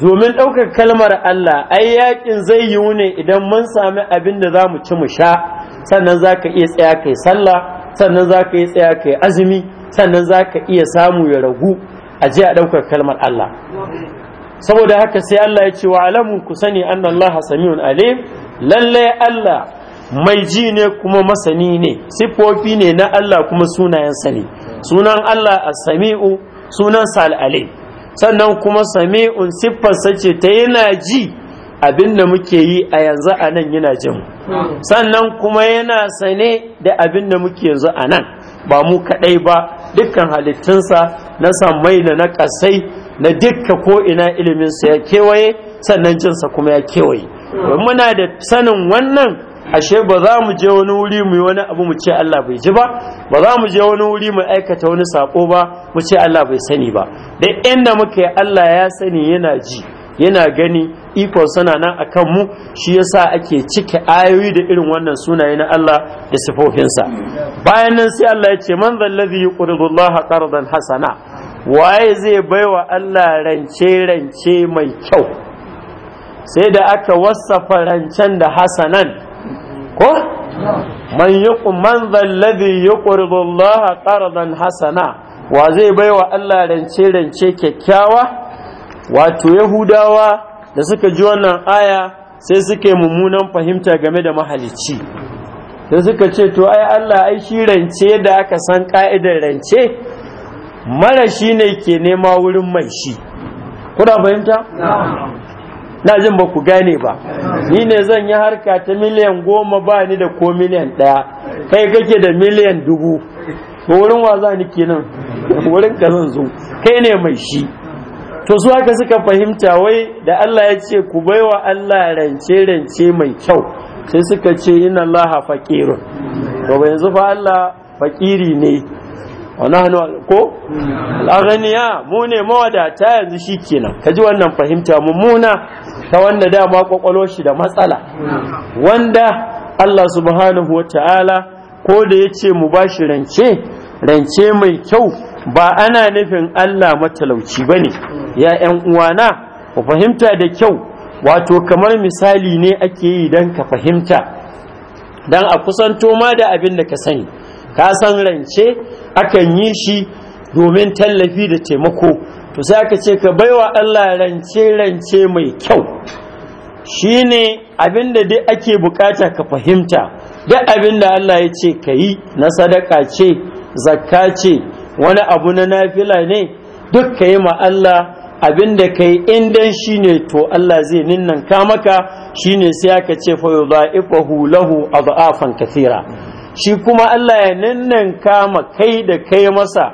domin ɗaukar kalmar Allah ai yaƙin zai yiwu ne idan mun sami abin da za mu ci mu sha sannan za ka iya tsaya kai sallah sannan za ka yi tsaya ka yi azumi sannan za ka iya samu ya ragu a ji a ɗaukar kalmar Allah saboda haka sai Allah ya ce wa alamun ku sani anna Allah samiun alim lallai Allah mai ji ne kuma masani ne siffofi ne na Allah kuma sunayen sani sunan Allah a samiu sunan sa sannan kuma sami'un siffarsa ce ta yana ji abin da muke yi a yanzu a nan yana jin sannan kuma yana sane da abin da muke yanzu a nan ba mu kaɗai ba dukkan halittunsa na samai da na ƙasai na dukka ko ina iliminsa ya kewaye sannan jinsa kuma ya kewaye muna da sanin wannan ashe ba za mu je wani wuri mu yi wani abu mu ce Allah bai ji ba ba za mu je wani wuri mu aikata wani sako ba mu ce Allah bai sani ba da inda muka yi Allah ya sani yana ji yana gani ikon sana nan a kanmu shi yasa ake cike ayoyi da irin wannan sunaye na Allah da sifofinsa bayan nan sai Allah ya ce man zallazi yuqridu Allah qardan hasana waye zai baiwa Allah rance rance mai kyau sai da aka wasafa rancen da hasanan ko man yuqu man zallazi yuqridu Allah qardan hasana wa zai baiwa Allah rance rance kyakkyawa wato yahudawa da suka ji wannan aya sai suke mummunan fahimta game da mahalicci da suka ce to ai Allah ai shi rance da aka san ka'idar rance mara shi ne ke nema wurin mai shi kuna fahimta? na jin ba ku gane ba ni ne zan yi harka ta miliyan goma ba ni da ko miliyan ɗaya kai kake da miliyan dubu wurin wa za ni kenan wurin ka zan zo kai ne mai shi to su haka suka fahimta wai da Allah ya ce ku baiwa Allah rance rance mai kyau sai suka ce inna Allah faqirun to ba yanzu fa Allah fakiri ne wa ko al-aghniya mu ne mawadata yanzu shikenan kaji wannan fahimta mummuna ta wanda dama kwakwalo shi da matsala wanda Allah subhanahu wa ta'ala ko da ya ce mu bashi rance rance mai kyau ba ana nufin Allah matalauci ba ne ya ‘yan uwana ku fahimta da kyau wato kamar misali ne ake yi don ka fahimta don a kusanto ma da abin da ka sani ka san rance akan yi shi domin tallafi da taimako to sai aka ce ka baiwa Allah rance rance mai kyau Shi ne abin da dai ake bukata ka fahimta duk abin da Allah ya ce ka yi na sadaka ce zakka ce wani abu na nafila ne duk ka yi ma Allah abin da ka yi in shi ne to Allah zai ninnan ka maka shi ne sai aka ce fa yudha'ifahu lahu adha'afan kathira shi kuma Allah ya ninnan ka kai da kai masa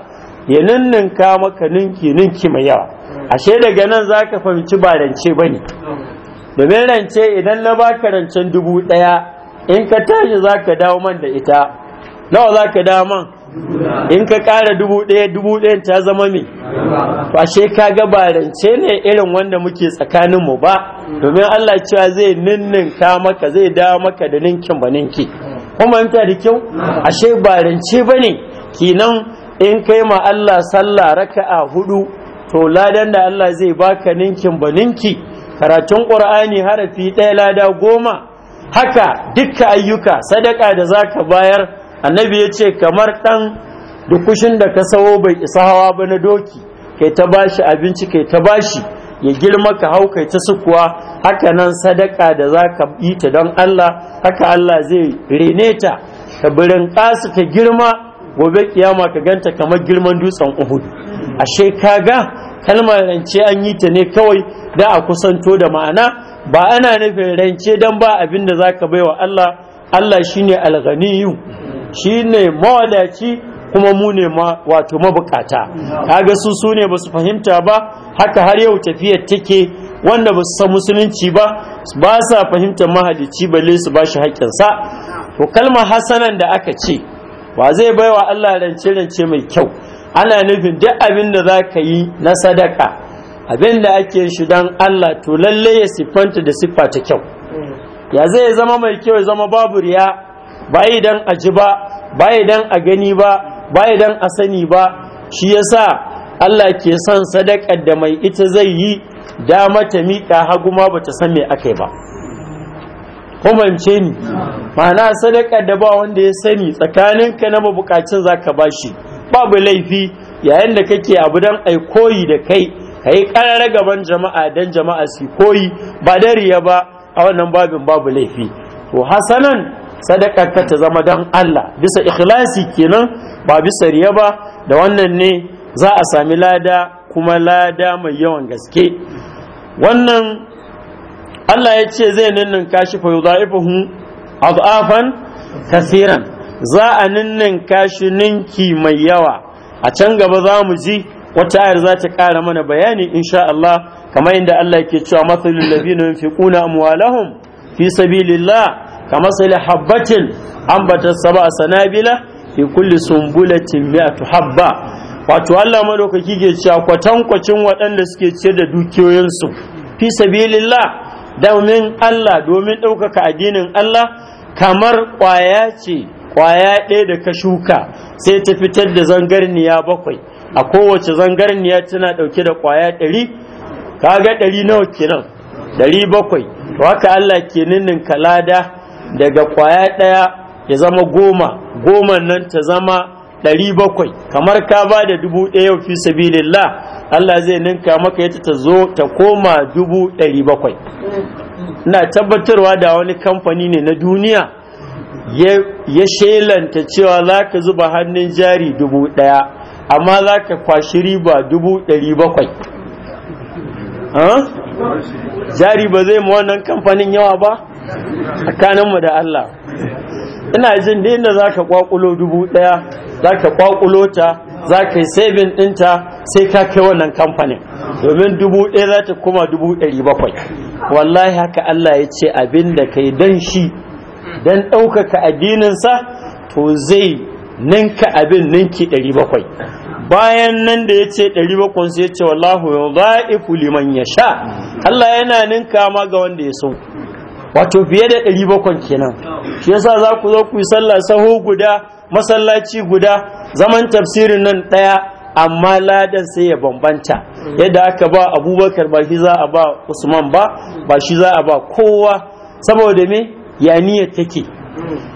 ya ninnan ka maka ninki ninki mai yawa ashe daga nan zaka fahimci ba rance bane domin rance idan na baka rancen dubu ɗaya in ka tashi zaka dawo man da ita nawa zaka dawo man in ka ƙara dubu ɗaya dubu ɗaya ta zama mai. to ashe ka ga ba rance ne irin wanda muke tsakaninmu ba domin Allah cewa zai ninninka maka zai dawo maka da ninkin ba ninki kuma in ta da kyau ashe ba rance ba ne kinan in kai ma Allah sallah a hudu to ladan da Allah zai baka ninkin ba ninki karatun ƙur'ani harafi ɗaya lada goma haka dukka ayyuka sadaka da zaka bayar annabi ya ce kamar ɗan dukushin da ka sawo bai isa hawa ba na doki kai ta bashi abinci kai ta bashi ya girma ka hau kai ta sukuwa haka nan sadaka da za ka yi ta don Allah haka Allah zai rene ta ka birin ƙasa ka girma gobe kiyama ka ganta kamar girman dutsen Uhud ashe kaga kalmar rance an yi ta ne kawai da a kusanto da ma'ana ba ana nufin rance don ba abin da za ka baiwa Allah Allah shine alghaniyu shi ne mawadaci kuma mu ne wato mabukata kaga su su ne ba su fahimta ba haka har yau tafiyar take wanda ba su san musulunci ba ba sa fahimtar mahalicci balle su ba shi haƙƙinsa to kalmar hasanan da aka ce ba zai baiwa Allah rance rance mai kyau ana nufin duk abin da za ka yi na sadaka abin da ake shi don Allah to lalle ya siffanta da siffa ta kyau ya zai zama mai kyau ya zama babu riya baya dan a ji ba baya dan a gani ba baya dan a sani ba shi yasa Allah ke son sadakar da mai ita zai yi dama ta miƙa haguma ba ta san me akai ba kumance ni Mana sadakar da ba wanda ya sani tsakaninka na mabukacin zaka bashi babu laifi yayin da kake abu dan ai koyi da kai kai karara gaban jama'a dan jama'a su koyi ba dariya ba a wannan babin babu laifi to hasanan sadakar ka ta zama dan Allah bisa ikhlasi kenan ba bisa riya ba da wannan ne za a sami lada kuma lada mai yawan gaske wannan Allah ya ce zai ninninka shi fa yudha'ifuhu adafan kasiran za a ninninka shi ninki mai yawa a can gaba za mu ji wata ayar za ta ƙara mana bayani insha Allah kamar inda Allah ke cewa mathalul ladina yunfiquna amwalahum fi sabilillah kamar sai habbatin ambata saba sanabila fi kulli sumbulatin mi'atu habba wato Allah madaukaki ke cewa kwatankwacin waɗanda suke ciyar da dukiyoyinsu fi sabilillah domin Allah domin ɗaukaka addinin Allah kamar kwaya ce kwaya ɗaya da ka shuka sai ta fitar da zangarniya bakwai a kowace zangarniya tana ɗauke da ƙwaya ɗari kaga ɗari nawa kenan ɗari bakwai to haka Allah ke ninnin kalada daga kwaya ɗaya ya zama goma goma nan ta zama ɗari bakwai kamar ka ba da dubu ɗaya fi sabilillah Allah zai ninka maka yadda ta zo ta koma dubu ɗari bakwai na tabbatarwa da wani kamfani ne na duniya ya shelanta cewa za ka zuba hannun jari dubu ɗaya amma za ka kwashi riba dubu ɗari bakwai jari ba zai ma wannan kamfanin yawa ba tsakaninmu da Allah ina jin da inda za ka kwakulo dubu ɗaya za ka kwakulo ta za ka yi saving dinta sai ka kai wannan kamfanin domin dubu ɗaya za ta kuma dubu ɗari bakwai wallahi haka Allah ya ce abin da kai don shi don ɗaukaka addininsa to zai ninka abin ninki ɗari bakwai bayan nan da ya ce ɗari bakwai sai ya ce wallahu ya za'ifu liman ya sha Allah yana ninka ma ga wanda ya so wato fiye da ɗari kenan shi yasa za ku zo ku yi sallah saho guda masallaci guda zaman tafsirin nan ɗaya amma ladan sai ya bambanta yadda aka ba abubakar ba shi za a ba usman ba ba shi za a ba kowa saboda me ya niyyar take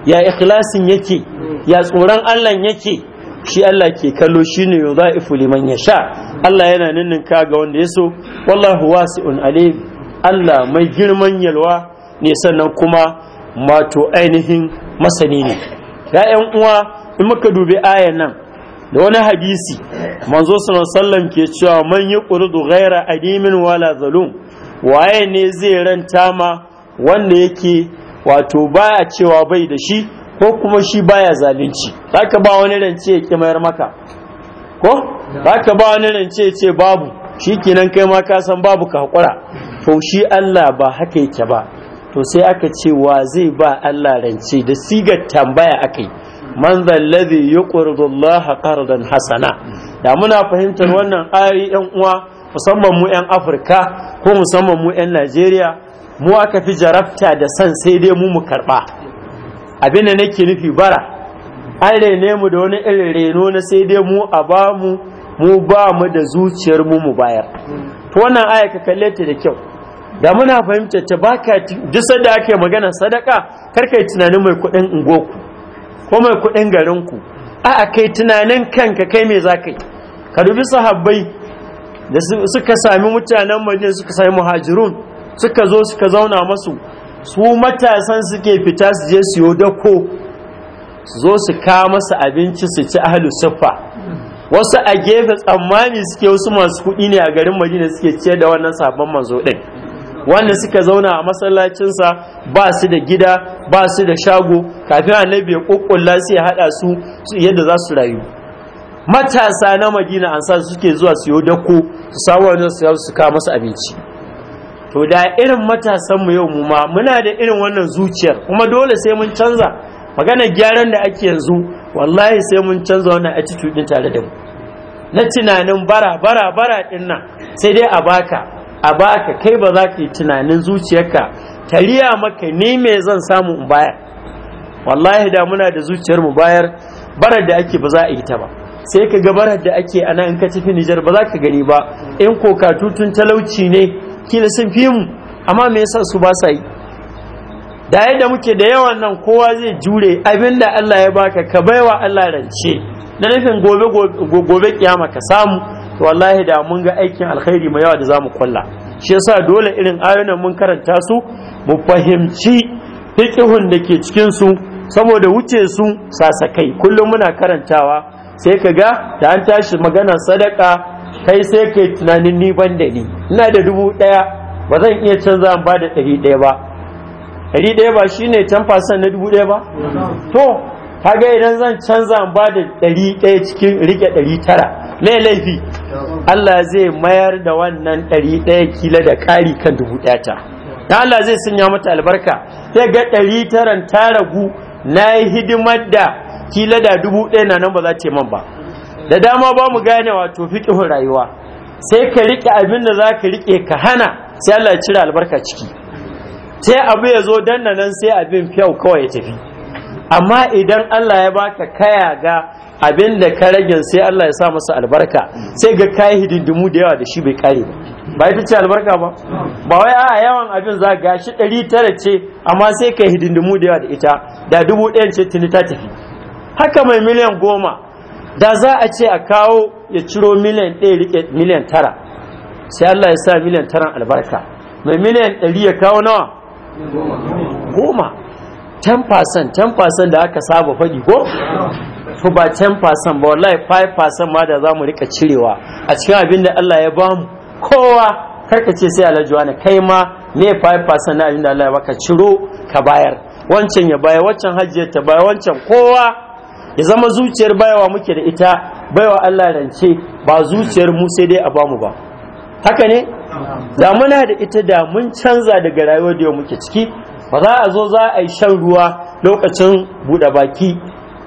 ya ikhlasin yake ya tsoron allah yake shi Allah ke kallo shi ne shine za'ifu liman sha Allah yana ninninka ga wanda ya so wallahu wasi'un alim Allah mai girman yalwa ne sannan kuma mato ainihin masani ne Ya'yan uwa in muka dubi ayan nan da wani hadisi manzo sallam ke cewa man yi ƙurdu ghaira adimin wala zalun, waye ne zai ranta ma wanda yake wato baya cewa bai da shi ko kuma shi baya zalunci zaka ba wani rance ya ki mayar maka ko zaka ba wani rance ya ce babu shikenan kai ma kasan babu ka hakura to shi Allah ba haka yake ba to sai aka ce wa zai ba Allah rance da sigar tambaya akai man zallazi yuqridu Allah qardan hasana da muna fahimtar wannan ayoyi yan uwa musamman mu yan Afirka ko musamman mu yan Najeriya mu aka fi jarabta da san sai dai mu mu karba abin da nake nufi bara an rene mu da wani irin reno na sai dai mu a ba mu mu ba mu da zuciyar mu mu bayar to wannan aya ka kalle ta da kyau da muna fahimta ba baka bisa da ake magana sadaka kar yi tunanin mai kuɗin ungoku ko mai kuɗin garinku a'a kai tunanin kanka kai me za ka yi ka dubi sahabbai da suka sami mutanen majin suka sami muhajirun suka zo suka zauna masu su matasan suke fita su je siyo dako su zo su kawo masa abinci su ci ahalu siffa wasu a gefe tsammani suke wasu masu kuɗi ne a garin madina suke ciyar da wannan sabon manzo ɗin wanda suka zauna a masallacinsa ba su da gida ba su da shago kafin annabi ya kokkulla sai ya hada su yadda za su rayu matasa na madina sa suke zuwa siyo dako su samu wani su su kawo masu abinci to da irin matasan mu yau muma muna da irin wannan zuciyar kuma dole sai mun canza magana gyaran da ake yanzu wallahi sai mun canza wannan attitude din tare da mu na tunanin bara bara bara din nan sai dai a baka a baka kai ba za ka yi tunanin zuciyarka ta riya maka ni mai zan samu in bayar wallahi da muna da zuciyar mu bayar barar da ake ba za a yi ta ba sai ka ga barar da ake ana in ka tafi Nijar ba za ka gani ba in koka tutun talauci ne kila sun fi mu amma me yasa su ba sa yi da yadda muke da yawan nan kowa zai jure abin da Allah ya baka ka baiwa Allah rance Na nufin gobe gobe kiyama ka samu wallahi da mun ga aikin alkhairi mai yawa da zamu kulla shi yasa dole irin ayoyin mun karanta su mu fahimci fiqhun da ke cikin su saboda wuce su sasakai kullum muna karantawa sai ka ga da an tashi maganar sadaka kai sai kai tunanin ni ban da ni ina da dubu ɗaya ba zan iya canza ba da ɗari ɗaya ba ɗari ɗaya ba shine can fasan na dubu ɗaya ba to kaga idan zan canza in ba da ɗari ɗaya cikin riƙe ɗari tara mai laifi Allah zai mayar da wannan ɗari ɗaya kila da ƙari kan dubu ɗaya ta Allah zai sanya mata albarka zai ga ɗari taran ta ragu na yi hidimar da kila da dubu ɗaya na nan ba za ta man ba da dama ba mu gane wato fiƙihun rayuwa sai ka riƙe abin da za ka riƙe ka hana sai Allah ya cire albarka ciki sai abu ya zo dan nan sai abin fiyau kawai ya tafi amma idan Allah ya baka kaya ga abin da ka rage sai Allah ya sa masa albarka sai ga kayi hidindimu da yawa da shi bai kare ba ba ita ce albarka ba ba wai a yawan abin za ga shi ɗari tara ce amma sai ka hidindimu da yawa da ita da dubu ɗayan ce tuni ta tafi haka mai miliyan goma da za a ce a kawo ya ciro miliyan ɗaya miliyan tara sai Allah ya sa miliyan taran albarka mai miliyan ɗari ya kawo nawa goma 10% 10% da aka saba faɗi ko To ba 10% ba wallahi 5% ma da za mu rika cirewa a cikin abin da Allah ya ba mu kowa ka ce sai alhaji wani kai ma me 5% na abin da Allah ya baka ciro ka bayar wancan ya baya wancan hajjiyar ta baya wancan kowa ya zama zuciyar bayawa muke da ita baiwa Allah rance ba zuciyar mu sai dai a bamu ba haka ne da muna da ita da mun canza daga rayuwar da yau muke ciki ba za a zo za a yi shan ruwa lokacin buɗe baki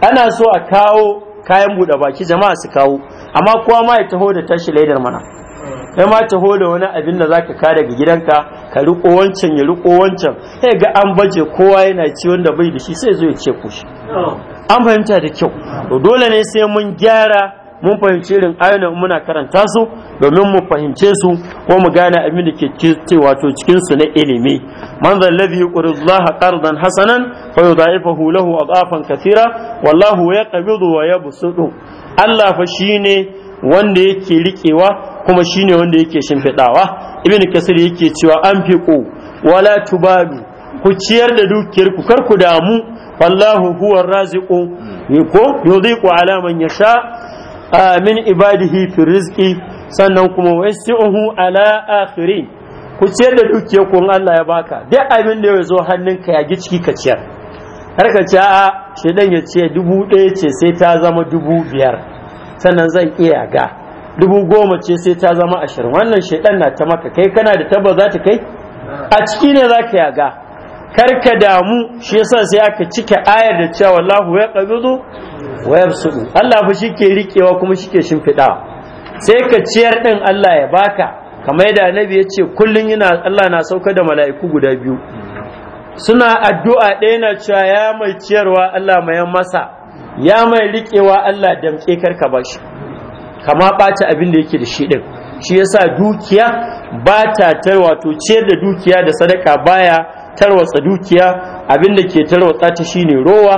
ana so a kawo kayan buɗe baki jama'a su kawo amma kowa ma ya taho da tashi laidar mana kai ma taho da wani abin da zaka ka daga gidanka ka riko wancan ya riko wancan sai ga an baje kowa yana ci wanda bai da shi sai zo ya ce ku shi oh. an fahimta da kyau to dole ne sai mun gyara mun fahimci irin ayoyin muna karanta su domin mu fahimce su ko mu gane abin da ke wato cikin su na ilimi man zal ladhi yuqridullaha qardan hasanan fa yudaifahu lahu adafan katira wallahu yaqbidu wa yabsudu Allah fa shine wanda yake rikewa kuma shine wanda yake shimfidawa ibn kasir yake cewa an anfiqu wala tubadu ku ciyar da dukiyar ku kar ku damu wallahu huwa raziqu ko yudhiqu ala man yasha min ibadihi fi rizqi sannan kuma wasi'uhu ala akhirin ku ciyar da dukiyar ku Allah ya baka duk abin da ya zo hannunka ya gi ciki ka ciyar har ka ce a shedan ya ce dubu ɗaya ce sai ta zama dubu biyar sannan zan iya ga dubu goma ce sai ta zama ashirin wannan shedan na ta maka kai kana da tabba za ta kai a ciki ne za ka yaga karka damu shi yasa sai aka cika ayar da cewa wallahu ya qabidu wa yabsudu Allah fa shike rikewa kuma shike shimfida sai ka ciyar din Allah ya baka kamar yadda annabi ya ce kullun yana Allah na sauka da mala'iku guda biyu suna addu'a ɗaya na cewa ya mai ciyarwa Allah mai masa ya mai rikewa Allah damke karka bashi kama ɓata abin da yake da shi din shi yasa dukiya ba ta wato ciyar da dukiya da sadaka baya tarwatsa dukiya abinda ke tarwatsa ta shine rowa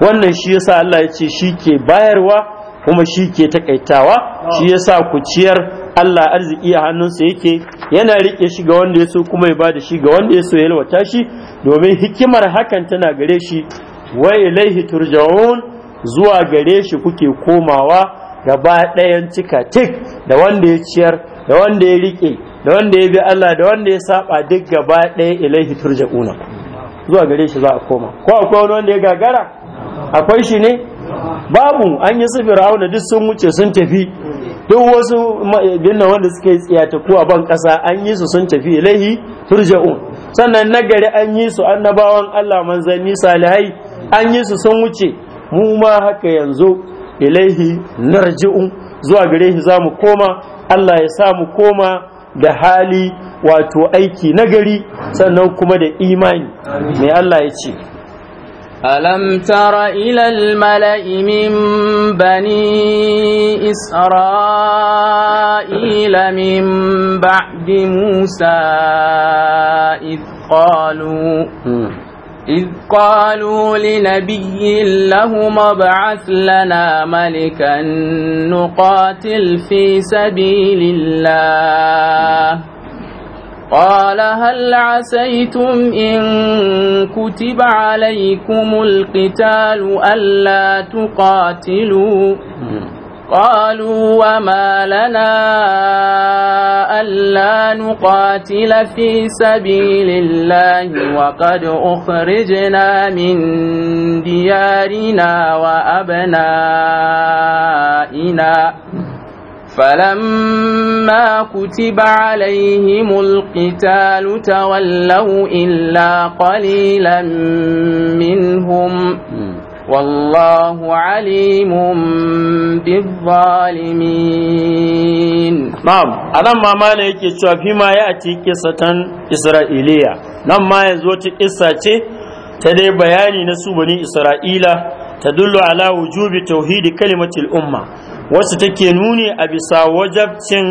wannan shi yasa Allah ya ce shi ke bayarwa kuma shi ke takaitawa shi yasa ku ciyar Allah arziki a hannunsa yake yana rike shi ga wanda ya so kuma ya bada shi ga wanda ya so ya yalwata shi domin hikimar hakan tana gare shi wa ilaihi turja'un zuwa gare shi kuke komawa gaba ɗayan cika tik da wanda ya ciyar da wanda ya rike da wanda ya bi Allah da wanda ya saba duk gaba ɗaya ilaihi turja'una zuwa gare shi za a koma ko akwai wani wanda ya gagara akwai shi ne babu an yi sufi fir'auna duk sun wuce sun tafi duk wasu binna wanda suka yi tsiyata kuwa ban ƙasa an yi su sun tafi ilaihi turja'un sannan nagari an yi su annabawan Allah manzanni salihai an yi su sun wuce mu ma haka yanzu ilaihi narji'un zuwa gare shi za mu koma Allah ya sa mu koma da hali wato aiki nagari sannan kuma da imani mai Allah ya ce ألم تر إلى الملأ من بني إسرائيل من بعد موسى إذ قالوا إذ قالوا لنبي لهم ابعث لنا ملكا نقاتل في سبيل الله قال هل عسيتم إن كتب عليكم القتال ألا تقاتلوا قالوا وما لنا ألا نقاتل في سبيل الله وقد أخرجنا من ديارنا وأبنائنا فلما كتب عليهم القتال تولوا إلا قليلا منهم والله عليم بالظالمين نعم أنا ما ما نيكي تشوا فيما ياتي قصة اسرائيليه نعم ما يزوت قصة تدي بياني نسو بني اسرائيل تدل على وجوب توحيد كلمه الامه كلمة الأمة وستكينوني أبسا وجبتين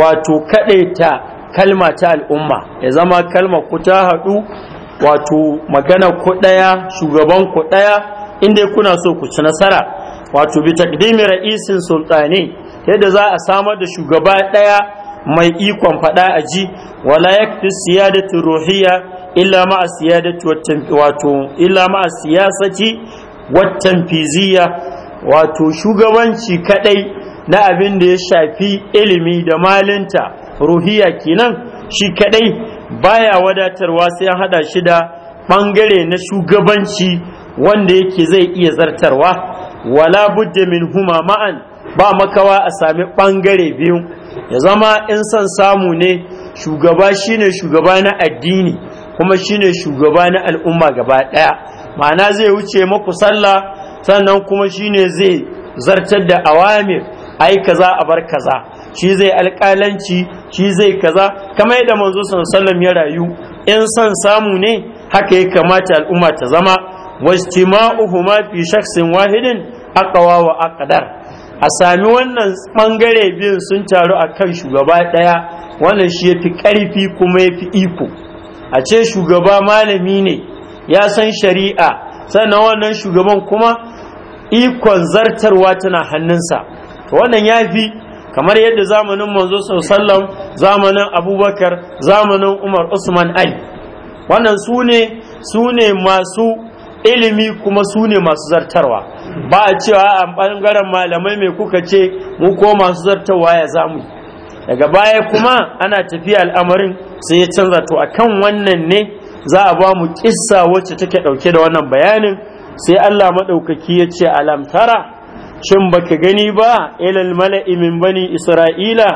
wato kaɗaita kalma ta al'umma ya zama kalma ku ta haɗu wato magana ku ɗaya shugaban ku ɗaya inda kuna so ku ci nasara wato bi takdimi ra'isin sultani yadda za a samar da shugaba ɗaya mai ikon faɗa a ji wala yakfi siyadatu ruhiya illa ma'a siyadatu wato illa ma'a siyasati wattan fiziya wato shugabanci kaɗai na abin da ya shafi ilimi da malinta ruhiya kenan shi kaɗai. baya wadatarwa sai an hada shi da bangare na shugabanci wanda yake zai iya zartarwa wala budde min huma ma'an ba makawa a sami bangare biyu ya zama in son samu ne shugaba shine shugaba na addini kuma shine shugaba na al'umma gaba daya ma'ana zai wuce maku sallah sannan kuma shine zai zartar da awamir ai kaza a bar kaza shi zai alƙalanci shi zai kaza kamar yadda manzo sallallahu ya rayu in san samu ne haka ya kamata al'umma ta zama wajtima'uhuma fi shakhsin wahidin aqwa wa aqdar a sami wannan bangare biyun sun taru akan shugaba ɗaya wannan shi yafi fi ƙarfi kuma yafi iko a ce shugaba malami ne ya san shari'a sannan wannan shugaban kuma ikon zartarwa tana hannunsa wannan ya fi kamar yadda zamanin manzo sallam zamanin abubakar zamanin umar usman ali wannan su ne masu ilimi kuma sune masu zartarwa ba a cewa a ɓangaren malamai mai kuka ce mu ko masu zartarwa ya zamu daga baya kuma ana tafiya al'amarin sai ya canza to akan wannan ne za a ba mu kissa wacce take ɗauke da wannan bayanin sai allah maɗaukaki ya ce alam tara shin baka gani ba ilal mala'i min bani isra'ila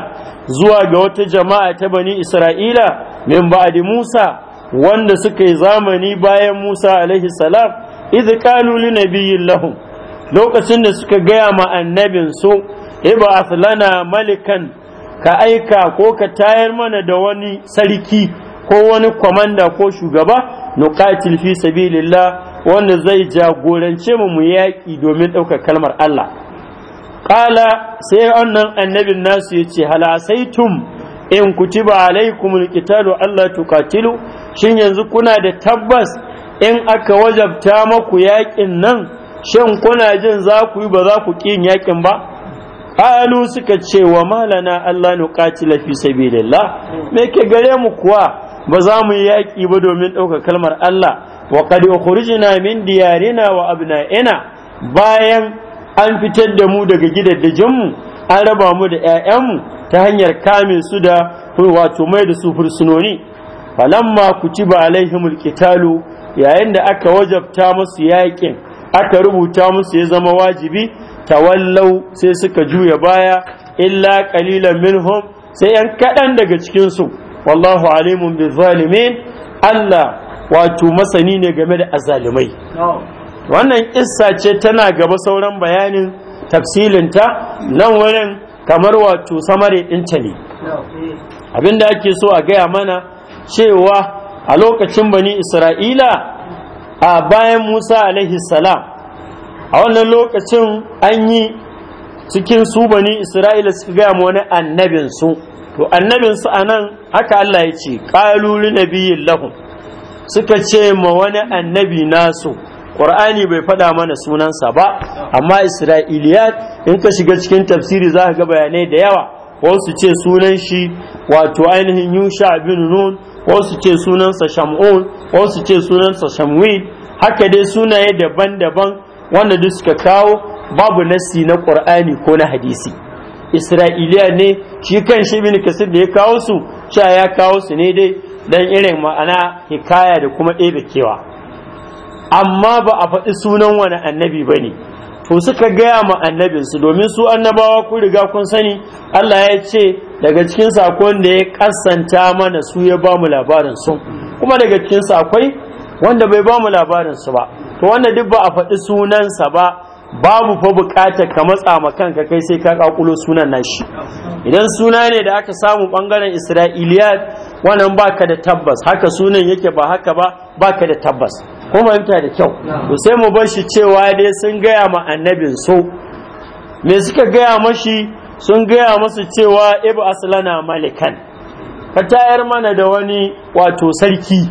zuwa ga wata jama'a ta bani isra'ila min ba'di musa wanda suka yi zamani bayan musa alaihi salam idh kanu li nabiyyin lahum lokacin da suka gaya ma annabin su ib'ath lana malikan ka aika ko ka tayar mana da wani sarki ko wani kwamanda ko shugaba nuqatil fi sabilillah wanda zai jagorance mu mu yaƙi domin ɗaukar kalmar Allah ƙala sai wannan annabin nasu ya ce halasaitum in kutiba alaikum alqitalu Allah tuqatilu shin yanzu kuna da tabbas in aka wajabta maku yaƙin nan shin kuna jin za ku yi ba za ku ƙi yaƙin ba qalu suka ce wa malana Allah nuqatila fi sabilillah me ke gare mu kuwa ba za mu yi yaƙi ba domin ɗaukar kalmar Allah wa qad ukhrijna min diyarina wa abna'ina bayan an fitar da mu daga gidajenmu an raba mu da 'ya'yanmu ta hanyar kamin su da wato mai da su fursunoni falamma ba alaihimul kitalu yayin da aka wajabta musu yaƙin aka rubuta musu ya zama wajibi ta wallau sai suka juya baya illa ƙalilan minhum sai yan kaɗan daga cikinsu wallahu alimun bi zalimin Allah wato masani ne game da azalimai oh. wannan issa ce tana gaba sauran bayanin tafsilinta nan wurin kamar wato samari ɗinta ne oh. abinda ake so a gaya mana cewa a lokacin bani isra'ila a bayan musa alaihi salam a wannan lokacin an yi cikin su bani isra'ila suka gaya ma wani annabinsu to annabinsu a nan haka allah ya ce na biyin lahun. suka ce ma wani annabi nasu Qur'ani bai faɗa mana sunansa ba amma Isra'iliyat in ka shiga cikin tafsiri za ka ga bayanai da yawa wasu ce sunan shi wato ainihin Yusha bin Nun wasu ce sunansa Shamun wasu ce sunansa shamwin haka dai sunaye daban-daban wanda duk suka kawo babu nasi na Qur'ani ko na hadisi Isra'iliya ne shi kan shi bin Kasir da ya kawo su sha ya kawo su ne dai dan irin ma'ana hikaya da kuma ɗebe kewa amma ba a faɗi sunan wani annabi ba ne to suka gaya ma annabinsu domin su annabawa kun riga kun sani Allah ya ce daga cikin sakon da ya kasanta mana su ya ba mu labarin su kuma daga cikin akwai wanda bai ba mu labarin su ba to wanda duk ba a faɗi sunansa ba babu fa buƙatar ka matsa ma kanka kai sai ka kakulo sunan nashi idan suna ne da aka samu bangaren Isra'iliyat wannan baka da tabbas haka sunan yake ba haka ba baka da tabbas ko fahimta da kyau to sai mu bar shi cewa dai sun gaya ma annabin so me suka gaya mashi sun gaya masu cewa ibu aslana malikan ka tayar mana da wani wato sarki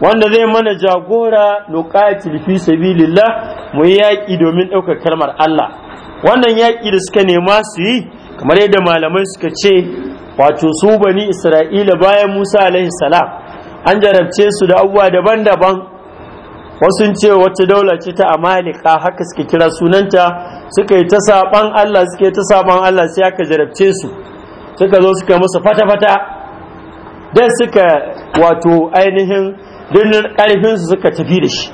wanda zai mana jagora nuqatil fi sabilillah mu yi yaƙi domin ɗaukar kalmar Allah wannan yaƙi da suka nema su yi kamar yadda malamai suka ce wato su bani isra'ila bayan musa alaihi salam an jarabce su da abubuwa daban-daban wasu ce wata daula ce ta amalika haka suka kira sunanta suka yi ta saban allah suka yi ta saban allah sai aka jarabce su suka zo suka musu fata-fata da suka wato ainihin birnin ƙarfinsu suka tafi da shi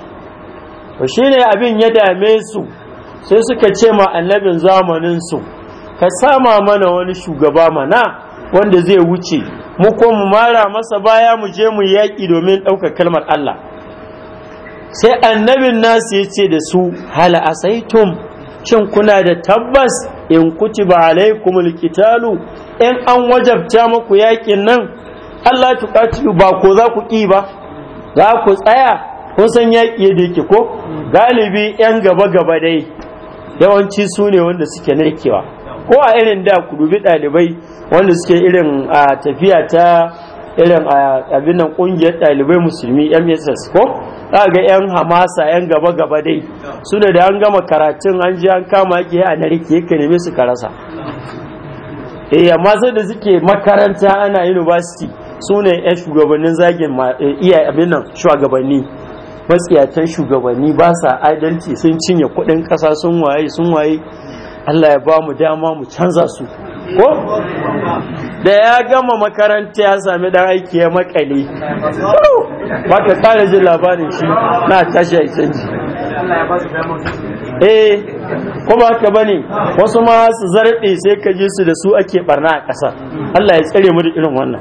to shine abin ya dame su sai suka ce ma annabin zamaninsu ka sama mana wani shugaba mana wanda zai wuce mu ko mu mara masa baya mu je mu yaƙi domin ɗaukar kalmar Allah sai annabin nasu ya ce da su hala asaitum shin kuna da tabbas in kutiba alaikumul qitalu in an wajabta muku yaƙin nan Allah tuqatilu ba ko za ku ƙi ba za ku tsaya kun san yaƙi yadda yake ko galibi 'yan gaba-gaba dai yawanci su ne wanda suke narkewa ko a irin da ku dubi ɗalibai wanda suke irin a tafiya ta irin a abin nan kungiyar ɗalibai musulmi mss ko za ga 'yan hamasa 'yan gaba-gaba dai su da an gama karatun an ji an kama ake a ke ka neme su karasa eh amma sai da suke makaranta ana university su ne 'yan shugabannin zagin eh, iya abin nan shugabanni matsiyatan shugabanni ba sa adalci sun cinye kuɗin kasa, sun waye sun waye Allah ya ba mu dama mu canza su ko da ya gama makaranta ya sami dan aiki ya makale ba ta kare jin labarin shi na tashi a canji eh ko ba ka bane wasu ma su zarɗe sai ka ji su da su ake barna a ƙasar Allah ya tsare mu da irin wannan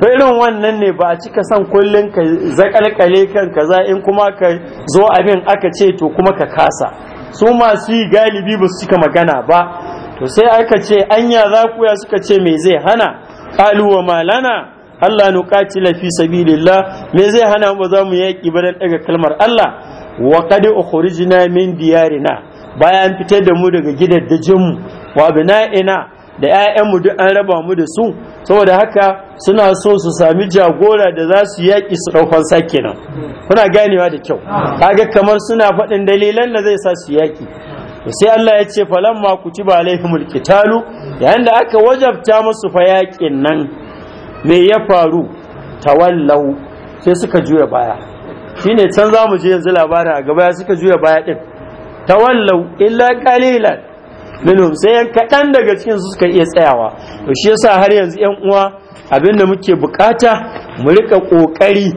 to irin wannan ne ba a cika son kullun ka zakalkale kan kaza in kuma ka zo abin aka ce to kuma ka kasa su masu yi galibi ba su cika magana ba to sai aka ce anya za ku ya suka ce me zai hana qalu wa malana Allah nuqatila fi sabilillah me zai hana ba za mu yaki ba dan daga kalmar Allah wa qad ukhrijna min diyarina bayan fitar da mu daga gidaddajin mu wa bina'ina da 'ya'yanmu duk an raba mu da su saboda haka suna so su sami jagora da za su yaƙi su ɗaukon sake nan kuna ganewa da kyau kaga kamar suna faɗin dalilan da zai sa su yaƙi sai Allah ya ce ma falamma laifin alaihimul qitalu yayin da aka wajabta musu fa yaƙin nan me ya faru tawallau sai suka juya baya shine can za mu je yanzu labarin a gaba suka juya baya din tawallau illa qalilan minhum sai yan kaɗan daga cikin su suka iya tsayawa to shi yasa har yanzu yan uwa abin da muke bukata mu rika ƙoƙari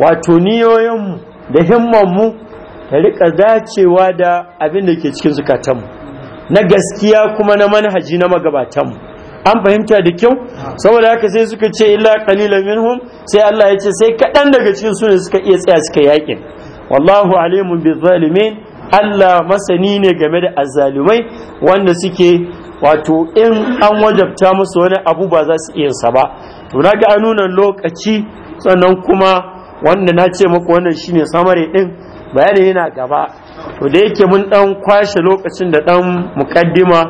wato mu da himmanmu ta rika dacewa da abin da ke cikin zukatanmu na gaskiya kuma na manhaji na magabatanmu an fahimta da kyau saboda haka sai suka ce illa qalilan minhum sai Allah ya ce sai kaɗan daga cikin su ne suka iya tsaya suka yaƙi wallahu alimun bi zalimin Allah masani ne game da azalumai wanda suke wato in an wajabta musu wani abu ba za su iya sa ba to na ga nuna lokaci sannan kuma wanda na ce muku wannan shine samare din bayani yana gaba to da yake mun dan kwashe lokacin da dan mukaddima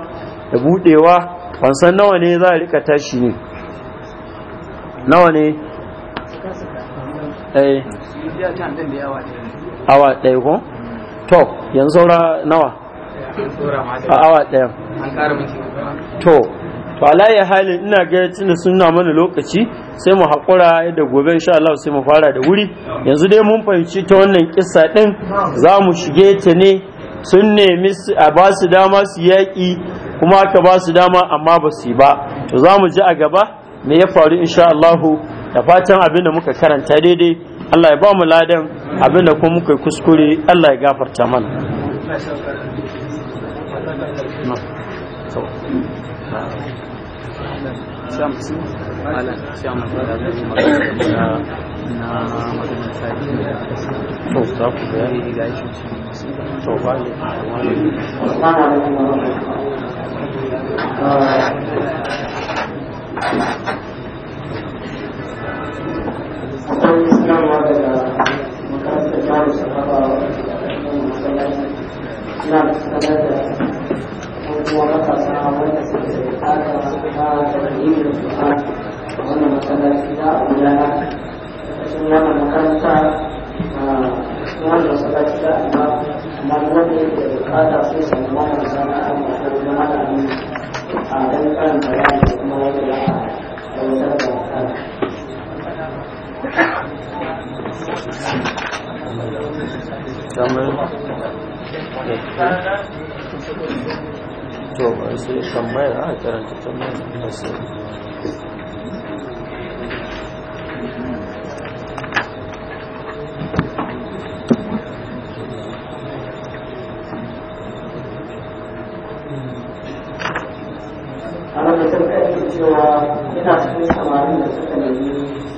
da budewa ban san nawa ne za a rika tashi ne nawa ne eh to yanzu saura nawa a awa ɗaya to to alayya halin ina ga tunda sun mana lokaci sai mu haƙura yadda gobe insha Allah sai mu fara da wuri yanzu dai mun fahimci ta wannan kissa din za mu shige ta ne sun nemi a ba su dama su yaƙi kuma aka ba su dama amma ba su yi ba to za mu ji a gaba me ya faru insha Allah da fatan abin da muka karanta daidai Allah ya ba mu ladan abinda kuma muka yi kuskure Allah ya gafarta mana Thank you. akwai sanarwa daga makarantar yaro sahaba na sanar da ta a wannan masallaci za a gudana cikin wannan makaranta a a da bukata sai su zama da a dan karanta a aiwatar to ba sai tambayar a karanta ina cikin samarin da suka nemi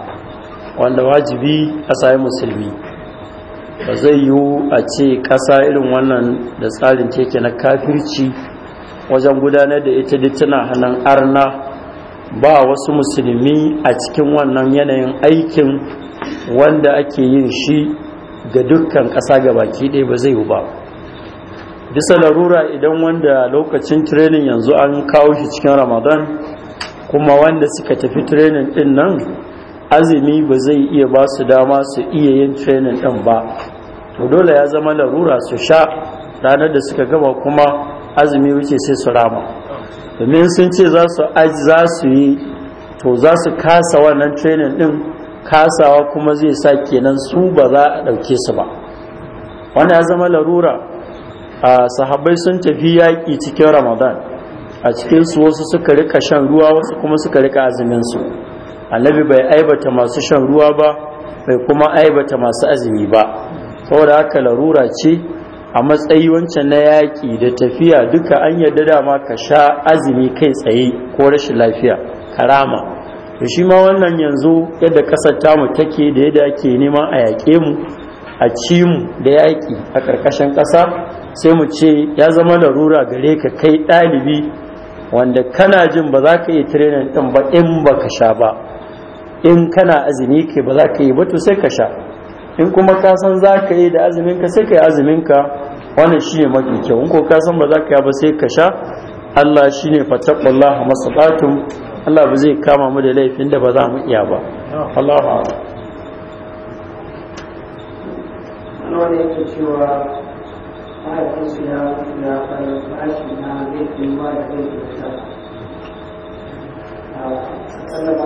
wanda wajibi a sayi musulmi ba zai yiwu a ce ƙasa irin wannan da tsarin teke na kafirci wajen gudanar da ita tana hannun arna ba wasu musulmi a cikin wannan yanayin aikin wanda ake yin shi ga dukkan ƙasa ga baki ɗaya ba zai yiwu ba bisa larura idan wanda lokacin tirenin yanzu an kawo shi cikin ramadan kuma wanda suka tafi tirenin din nan azumi ba zai iya ba su dama su iya yin training ɗin ba to dole ya zama larura su sha ranar da suka gaba kuma azumi wuce sai su rama domin sun ce za su yi to za su kasa wannan training ɗin kasawa kuma zai sa kenan su ba za a ɗauke su ba wani ya zama larura a sahabbai sun tafi yaƙi cikin ramadan a cikinsu wasu suka rika shan ruwa wasu kuma suka rika azumin su annabi bai aibata masu shan ruwa ba bai kuma aibata masu azumi ba saboda haka larura ce a matsayi wancan na yaƙi da tafiya duka an yarda dama ka sha azumi kai tsaye ko rashin lafiya karama Da shi ma wannan yanzu yadda kasar tamu take da yadda ake neman a yaƙe mu a ci mu da yaƙi a ƙarƙashin ƙasa sai mu ce ya zama larura gare ka kai ɗalibi wanda kana jin ba za ka iya tirenin ɗin ba in ba ka sha ba in kana azumi ke ba za ka yi ba to sai ka sha in kuma ka san za ka yi da azumin ka sai ka yi azumin ka wannan shine mafi kyau in ko ka san ba za ka yi ba sai ka sha Allah shi ne masaqatum Allah ba zai kama mu da laifin da ba za mu iya ba Allah ba. wani yake cewa mahaifinsu ya ya fara na zai da zai Allah ba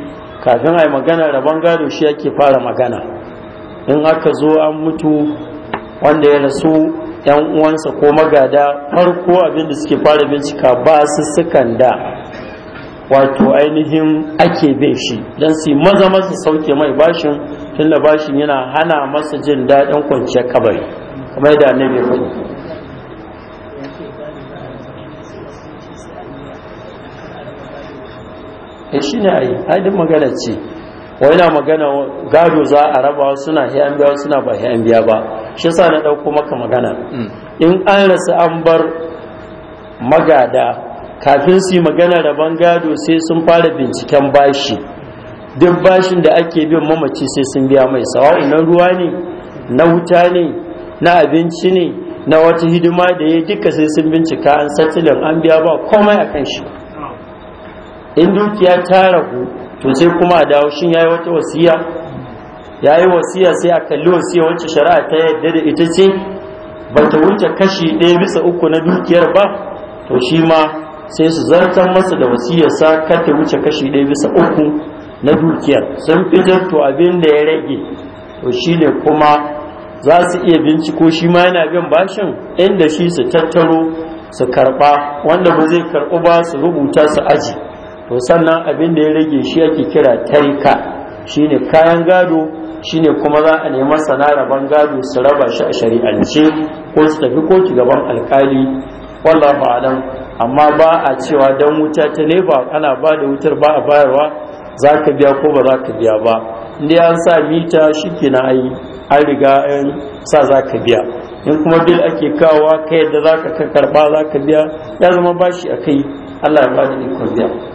kafin a yi magana rabon gado shi yake fara magana in aka zo an mutu wanda ya rasu yan uwansa ko magada farko abin da suke fara bincika ba su sukan da wato ainihin ake bin shi don su maza masa sauke mai bashin tun da bashin yana hana masa jin daɗin kwanciyar kabari kamar da annabi ya Eh, shi shine a ai duk magana ce wai na magana gado za a raba suna he an biya suna ba he an biya ba shi sa na ɗauko maka magana mm. in an rasa an bar magada kafin su yi magana ban gado sai sun fara binciken bashi duk bashin da ake bin mamaci sai sun biya mai sawa'u na ruwa ne na wuta ne na abinci ne na wata hidima da ya duka sai sun bincika an satilin an biya ba komai a kan shi in dukiya ta ragu to sai kuma a dawo shin yayi wata wasiya yayi wasiya sai a kalli wasiya wacce shari'a ta yadda da ita ce ba ta wuce kashi ɗaya bisa uku na dukiyar ba to shi ma sai su zartar masa da wasiyarsa kar ta wuce kashi ɗaya bisa uku na dukiyar sun fitar to abin da ya rage to shi ne kuma za su iya binciko shi ma yana bin bashin inda shi su tattaro su karɓa wanda ba zai karɓi ba su rubuta su aji to sannan abin da ya rage shi ake kira tarika shine kayan gado shine kuma za a neman sana rabon gado su raba shi a shari'ance ko su tafi koki gaban alkali wallahu alam amma ba a cewa dan wuta ta leba ana ba da wutar ba a bayarwa za ka biya ko ba za ka biya ba inda an sa mita shi ke na ayi an riga an sa za ka biya in kuma bil ake kawowa kai yadda za ka karba za ka biya ya zama bashi a kai allah ya ba ikon biya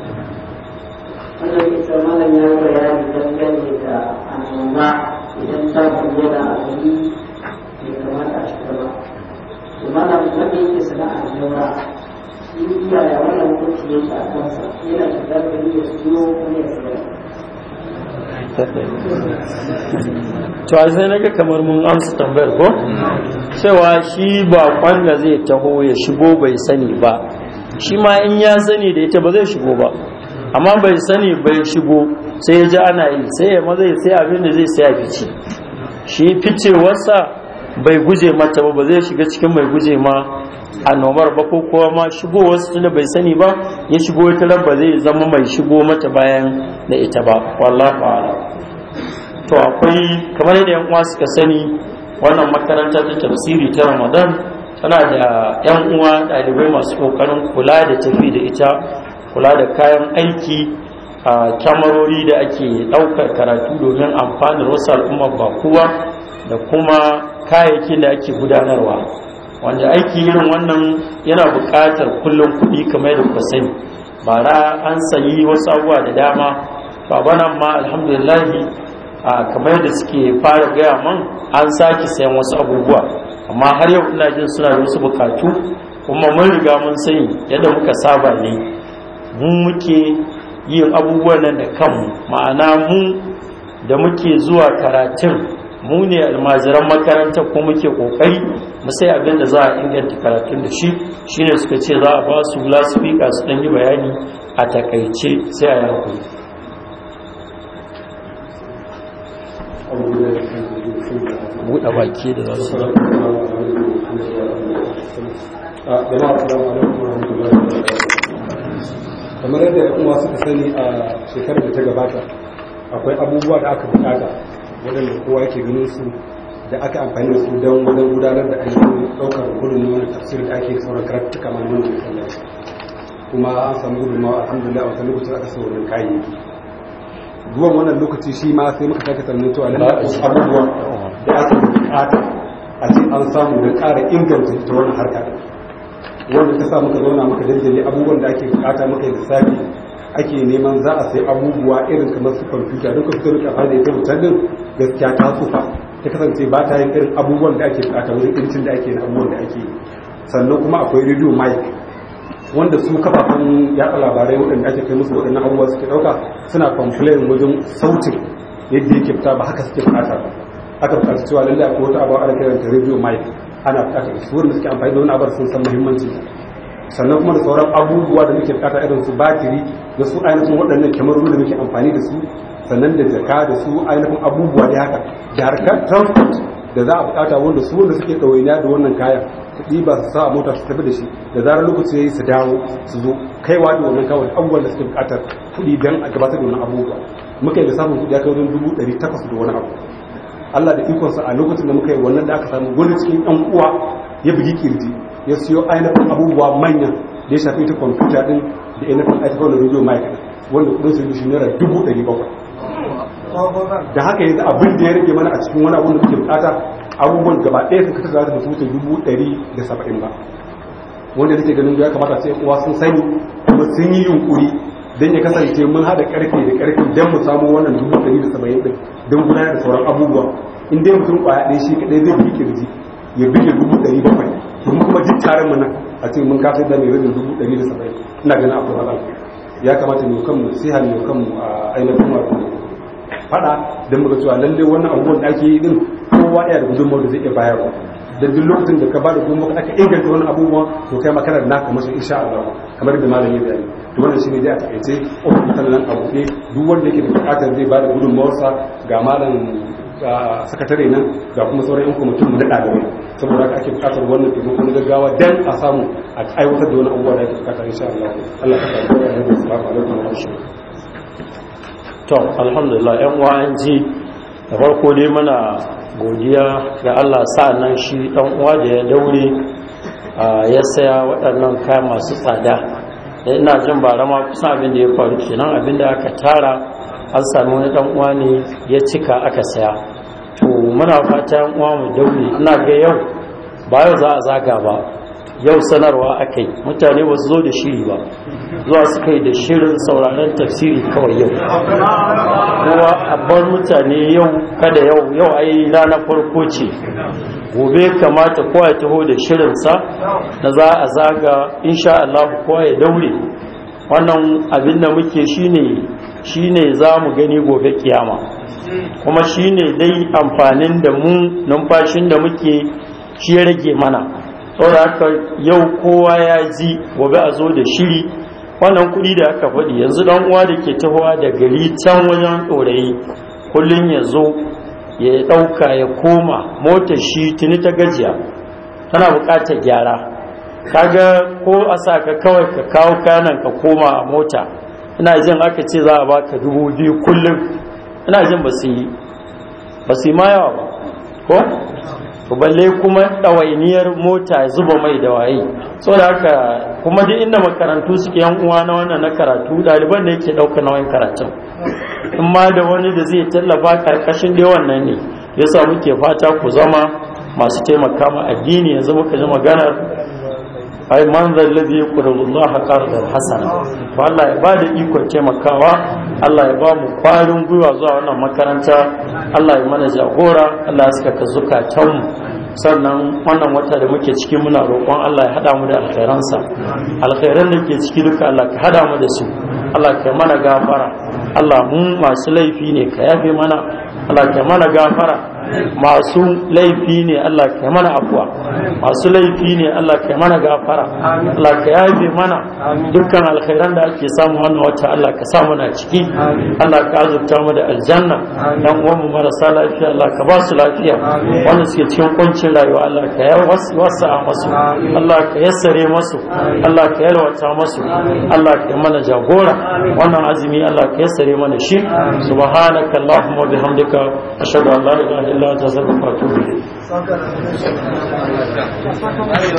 wannan ita malam ya bayani dangane da annoba idan ta bayyana a gari bai kamata a shiga ba to malam wanda yake sana'ar noma shi iya ya wannan hukunci yake a kansa yana shiga gari ya siyo kuma ya sayar to a sai naga kamar mun amsa tambayar ko cewa shi ba kwanga zai taho ya shigo bai sani ba shi ma in ya sani da ita ba zai shigo ba amma bai sani bai shigo sai ji ana yi sai ya mazai sai abin da zai saya fice shi ficewarsa bai guje mata ba zai shiga cikin mai guje ma a nomar ba ko kowa ma wasu tunda bai sani ba ya shigo ya nan ba zai zama mai shigo mata bayan da ita ba wallahi ta'ala to akwai kamar yadda yan uwa suka sani wannan makaranta ta tafsiri ta Ramadan tana da yan uwa ɗalibai masu kokarin kula da tafi da ita kula da kayan aiki a kyamarori da ake ɗaukar karatu domin amfanin wasu al'ummar bakuwa da kuma kayayyakin da ake gudanarwa wanda aiki irin wannan yana buƙatar kullum kuɗi kamar da ku sani ra an sayi wasu abubuwa da dama banan ma alhamdulillahi a kamar da suke fara gaya man an sake sayan wasu abubuwa amma har yau ina jin suna da wasu buƙatu kuma mun riga mun sani yadda muka saba ne mu muke yin abubuwan nan da kanmu ma'ana mu da muke zuwa karatun mu ne almajiran makaranta ko muke kokari mu sai abin da za a inganta karatun da shi shine suka ce za a ba su lasfika su dan yi bayani a takaice sai a yi buɗe baki da za da kamar yadda ya kuma suka sani a shekarar da ta gabata akwai abubuwa da aka bukata waɗanda kowa yake ganin su da aka amfani da su don wajen gudanar da ainihin ɗaukar gudun nuna tafsir da ake sauran karatuka ma nuna da kallon kuma an samu gudun gudunmawa alhamdulillah a wata lokacin aka sa saurin kayayyaki zuwan wannan lokaci shi ma sai muka sake sannan to a lallai abubuwa da aka bukata a cikin an samu da ƙara inganta ta wani harka wanda ta sa muka zauna muka jajjale abubuwan da ake bukata muka da lissafi ake neman za a sai abubuwa irin kamar su kwamfuta duk kwamfuta da kafa da ita wutar din gaskiya ta tsufa ta kasance ba ta yin irin abubuwan da ake bukata wajen irin da ake abubuwan da ake sannan kuma akwai radio mic wanda su kafafen yaɗa labarai waɗanda ake kai musu waɗannan abubuwa suke ɗauka suna complain wajen sautin yadda yake fita ba haka suke bukata ba aka bukaci cewa lallai akwai wata abuwa ana kiranta radio mic ana bukatar su wurin da suke amfani da wani abar sun san muhimmanci sannan kuma da sauran abubuwa da muke bukata irin su batiri da su ainihin waɗannan kyamaru da muke amfani da su sannan da jaka da su ainihin abubuwa da haka da harkar transport da za a bukata wanda su wanda suke ɗawainiya da wannan kayan su ɗiba su sa a mota su tafi da shi da zarar lokaci ya yi su dawo su zo kaiwa da wannan kawai abubuwan da suke bukatar kuɗi don a gabatar da wannan abubuwa muka yi lissafin kuɗi ya kai wajen dubu ɗari takwas da wani abu Allah da ikonsa a lokacin da muka yi wannan da aka samu wani cikin yan uwa ya bugi kirji ya siyo ainihin abubuwa manyan da ya shafi ita kwamfuta din da ainihin aita kawai rediyo ma'aikata wanda kudin su shi naira dubu ɗari bakwai da haka yanzu abin da ya rage mana a cikin wani abun da muke bukata abubuwan gaba ɗaya sun kata da su mutu dubu ɗari da saba'in ba wanda take ganin ya kamata sai uwa sun sani kuma sun yi yunkuri don ya kasance mun haɗa ƙarfe da ƙarfe don mu samu wannan dubu ɗari da saba'in ɗin don gudanar da sauran abubuwa in dai mutum kwaya ɗaya shi kaɗai zai bi kirji ya bi dubu ɗari bakwai domin kuma duk taron mana a cikin mun kafin da mai rabin dubu ɗari da saba'in ina ganin akwai matsala ya kamata mu kanmu sai hannu mu a ainihin wato fada don muka cewa lallai wannan abubuwan da ake yi din kowa ɗaya da gudunmawar da zai iya bayarwa da duk lokacin da ka bada ka aka inganta wani abubuwa to kai makarar naka musu insha Allah kamar da malami da yi to wannan shine dai a takaice ofisal nan abu ne duk wanda yake da bukatar zai bada gudunmawarsa ga malam sakatare nan ga kuma sauran yan kwamitin mu na ɗalibai saboda haka ake buƙatar wannan taimako kuma gaggawa dan a samu a aiwatar da wani abubuwa da ake bukata insha Allah Allah ka kawo karɓi wannan assalamu alaikum wa shi to alhamdulillah yan wa'anci da farko dai muna godiya ga Allah nan shi dan uwa da ya daure ya saya waɗannan kayan masu tsada da eh, ina jin bara ma kusan abin da ya faru kenan abin da aka tara an sami wani dan uwa ne ya cika aka saya to muna fata uwa mu daure ina ga yau ba yau za a zaga ba yau sanarwa aka yi mutane ba su zo da shiri ba zuwa su kai da shirin sauraron tafsiri kawai yau kuma abban mutane yau kada yau yau yi rana farko ce gobe kamata kowa ya taho da shirinsa na za a zaga insha Allah kowa ya daure wannan abin da muke shine shine za mu gani gobe kiyama kuma shine dai amfanin da mu numfashin da muke shi ya rage mana saboda haka yau kowa ya ji gobe a zo da shiri wannan kuɗi da aka faɗi yanzu dan uwa da ke tahowa da gari can wajen ɗorayi kullum ya zo ya ɗauka ya koma motar shi tuni ta gajiya tana buƙatar gyara kaga ko a sa ka kawai ka kawo kanan ka koma a mota ina jin aka ce za a baka dubu biyu kullum ina jin ba su yi ba su yi ma yawa ba ko balle kuma ɗawainiyar mota zuba mai da waye so da haka kuma duk inda makarantu suke yan uwa na wannan na karatu ɗaliban ne ke ɗauka wani karatun in ma da wani da zai tallafa karkashin dai wannan ne yasa muke fata ku zama masu taimaka ma addini yanzu muka ji maganar ai man a yaqulu Allah qardan hasana to Allah ya ba da ikon taimakawa Allah ya ba mu kwarin gwiwa zuwa wannan makaranta Allah ya mana jagora Allah ya saka zuka can sannan wannan wata da muke ciki muna roƙon Allah ya hada mu da alkhairansa alkhairan da ke ciki duka Allah ka hada mu da su Allah ka mana gafara Allah mu masu laifi ne ka yafe mana Allah ka mana gafara masu laifi ne Allah ka mana afuwa masu laifi ne Allah ka mana gafara Allah ka yafe mana dukkan alkhairan da ake samu wannan wata Allah ka sa na ciki Allah ka azurta mu da aljanna dan uwan mu marasa lafiya Allah ka ba su lafiya wanda suke cikin kuncin rayuwa Allah ka wasa masu Allah ka yassare masu Allah ka yalwata masu Allah ka mana jagora wannan azumi Allah ka yassare mana shi subhanakallahumma bihamdika ashhadu an la ilaha الله وتعالى وبركاته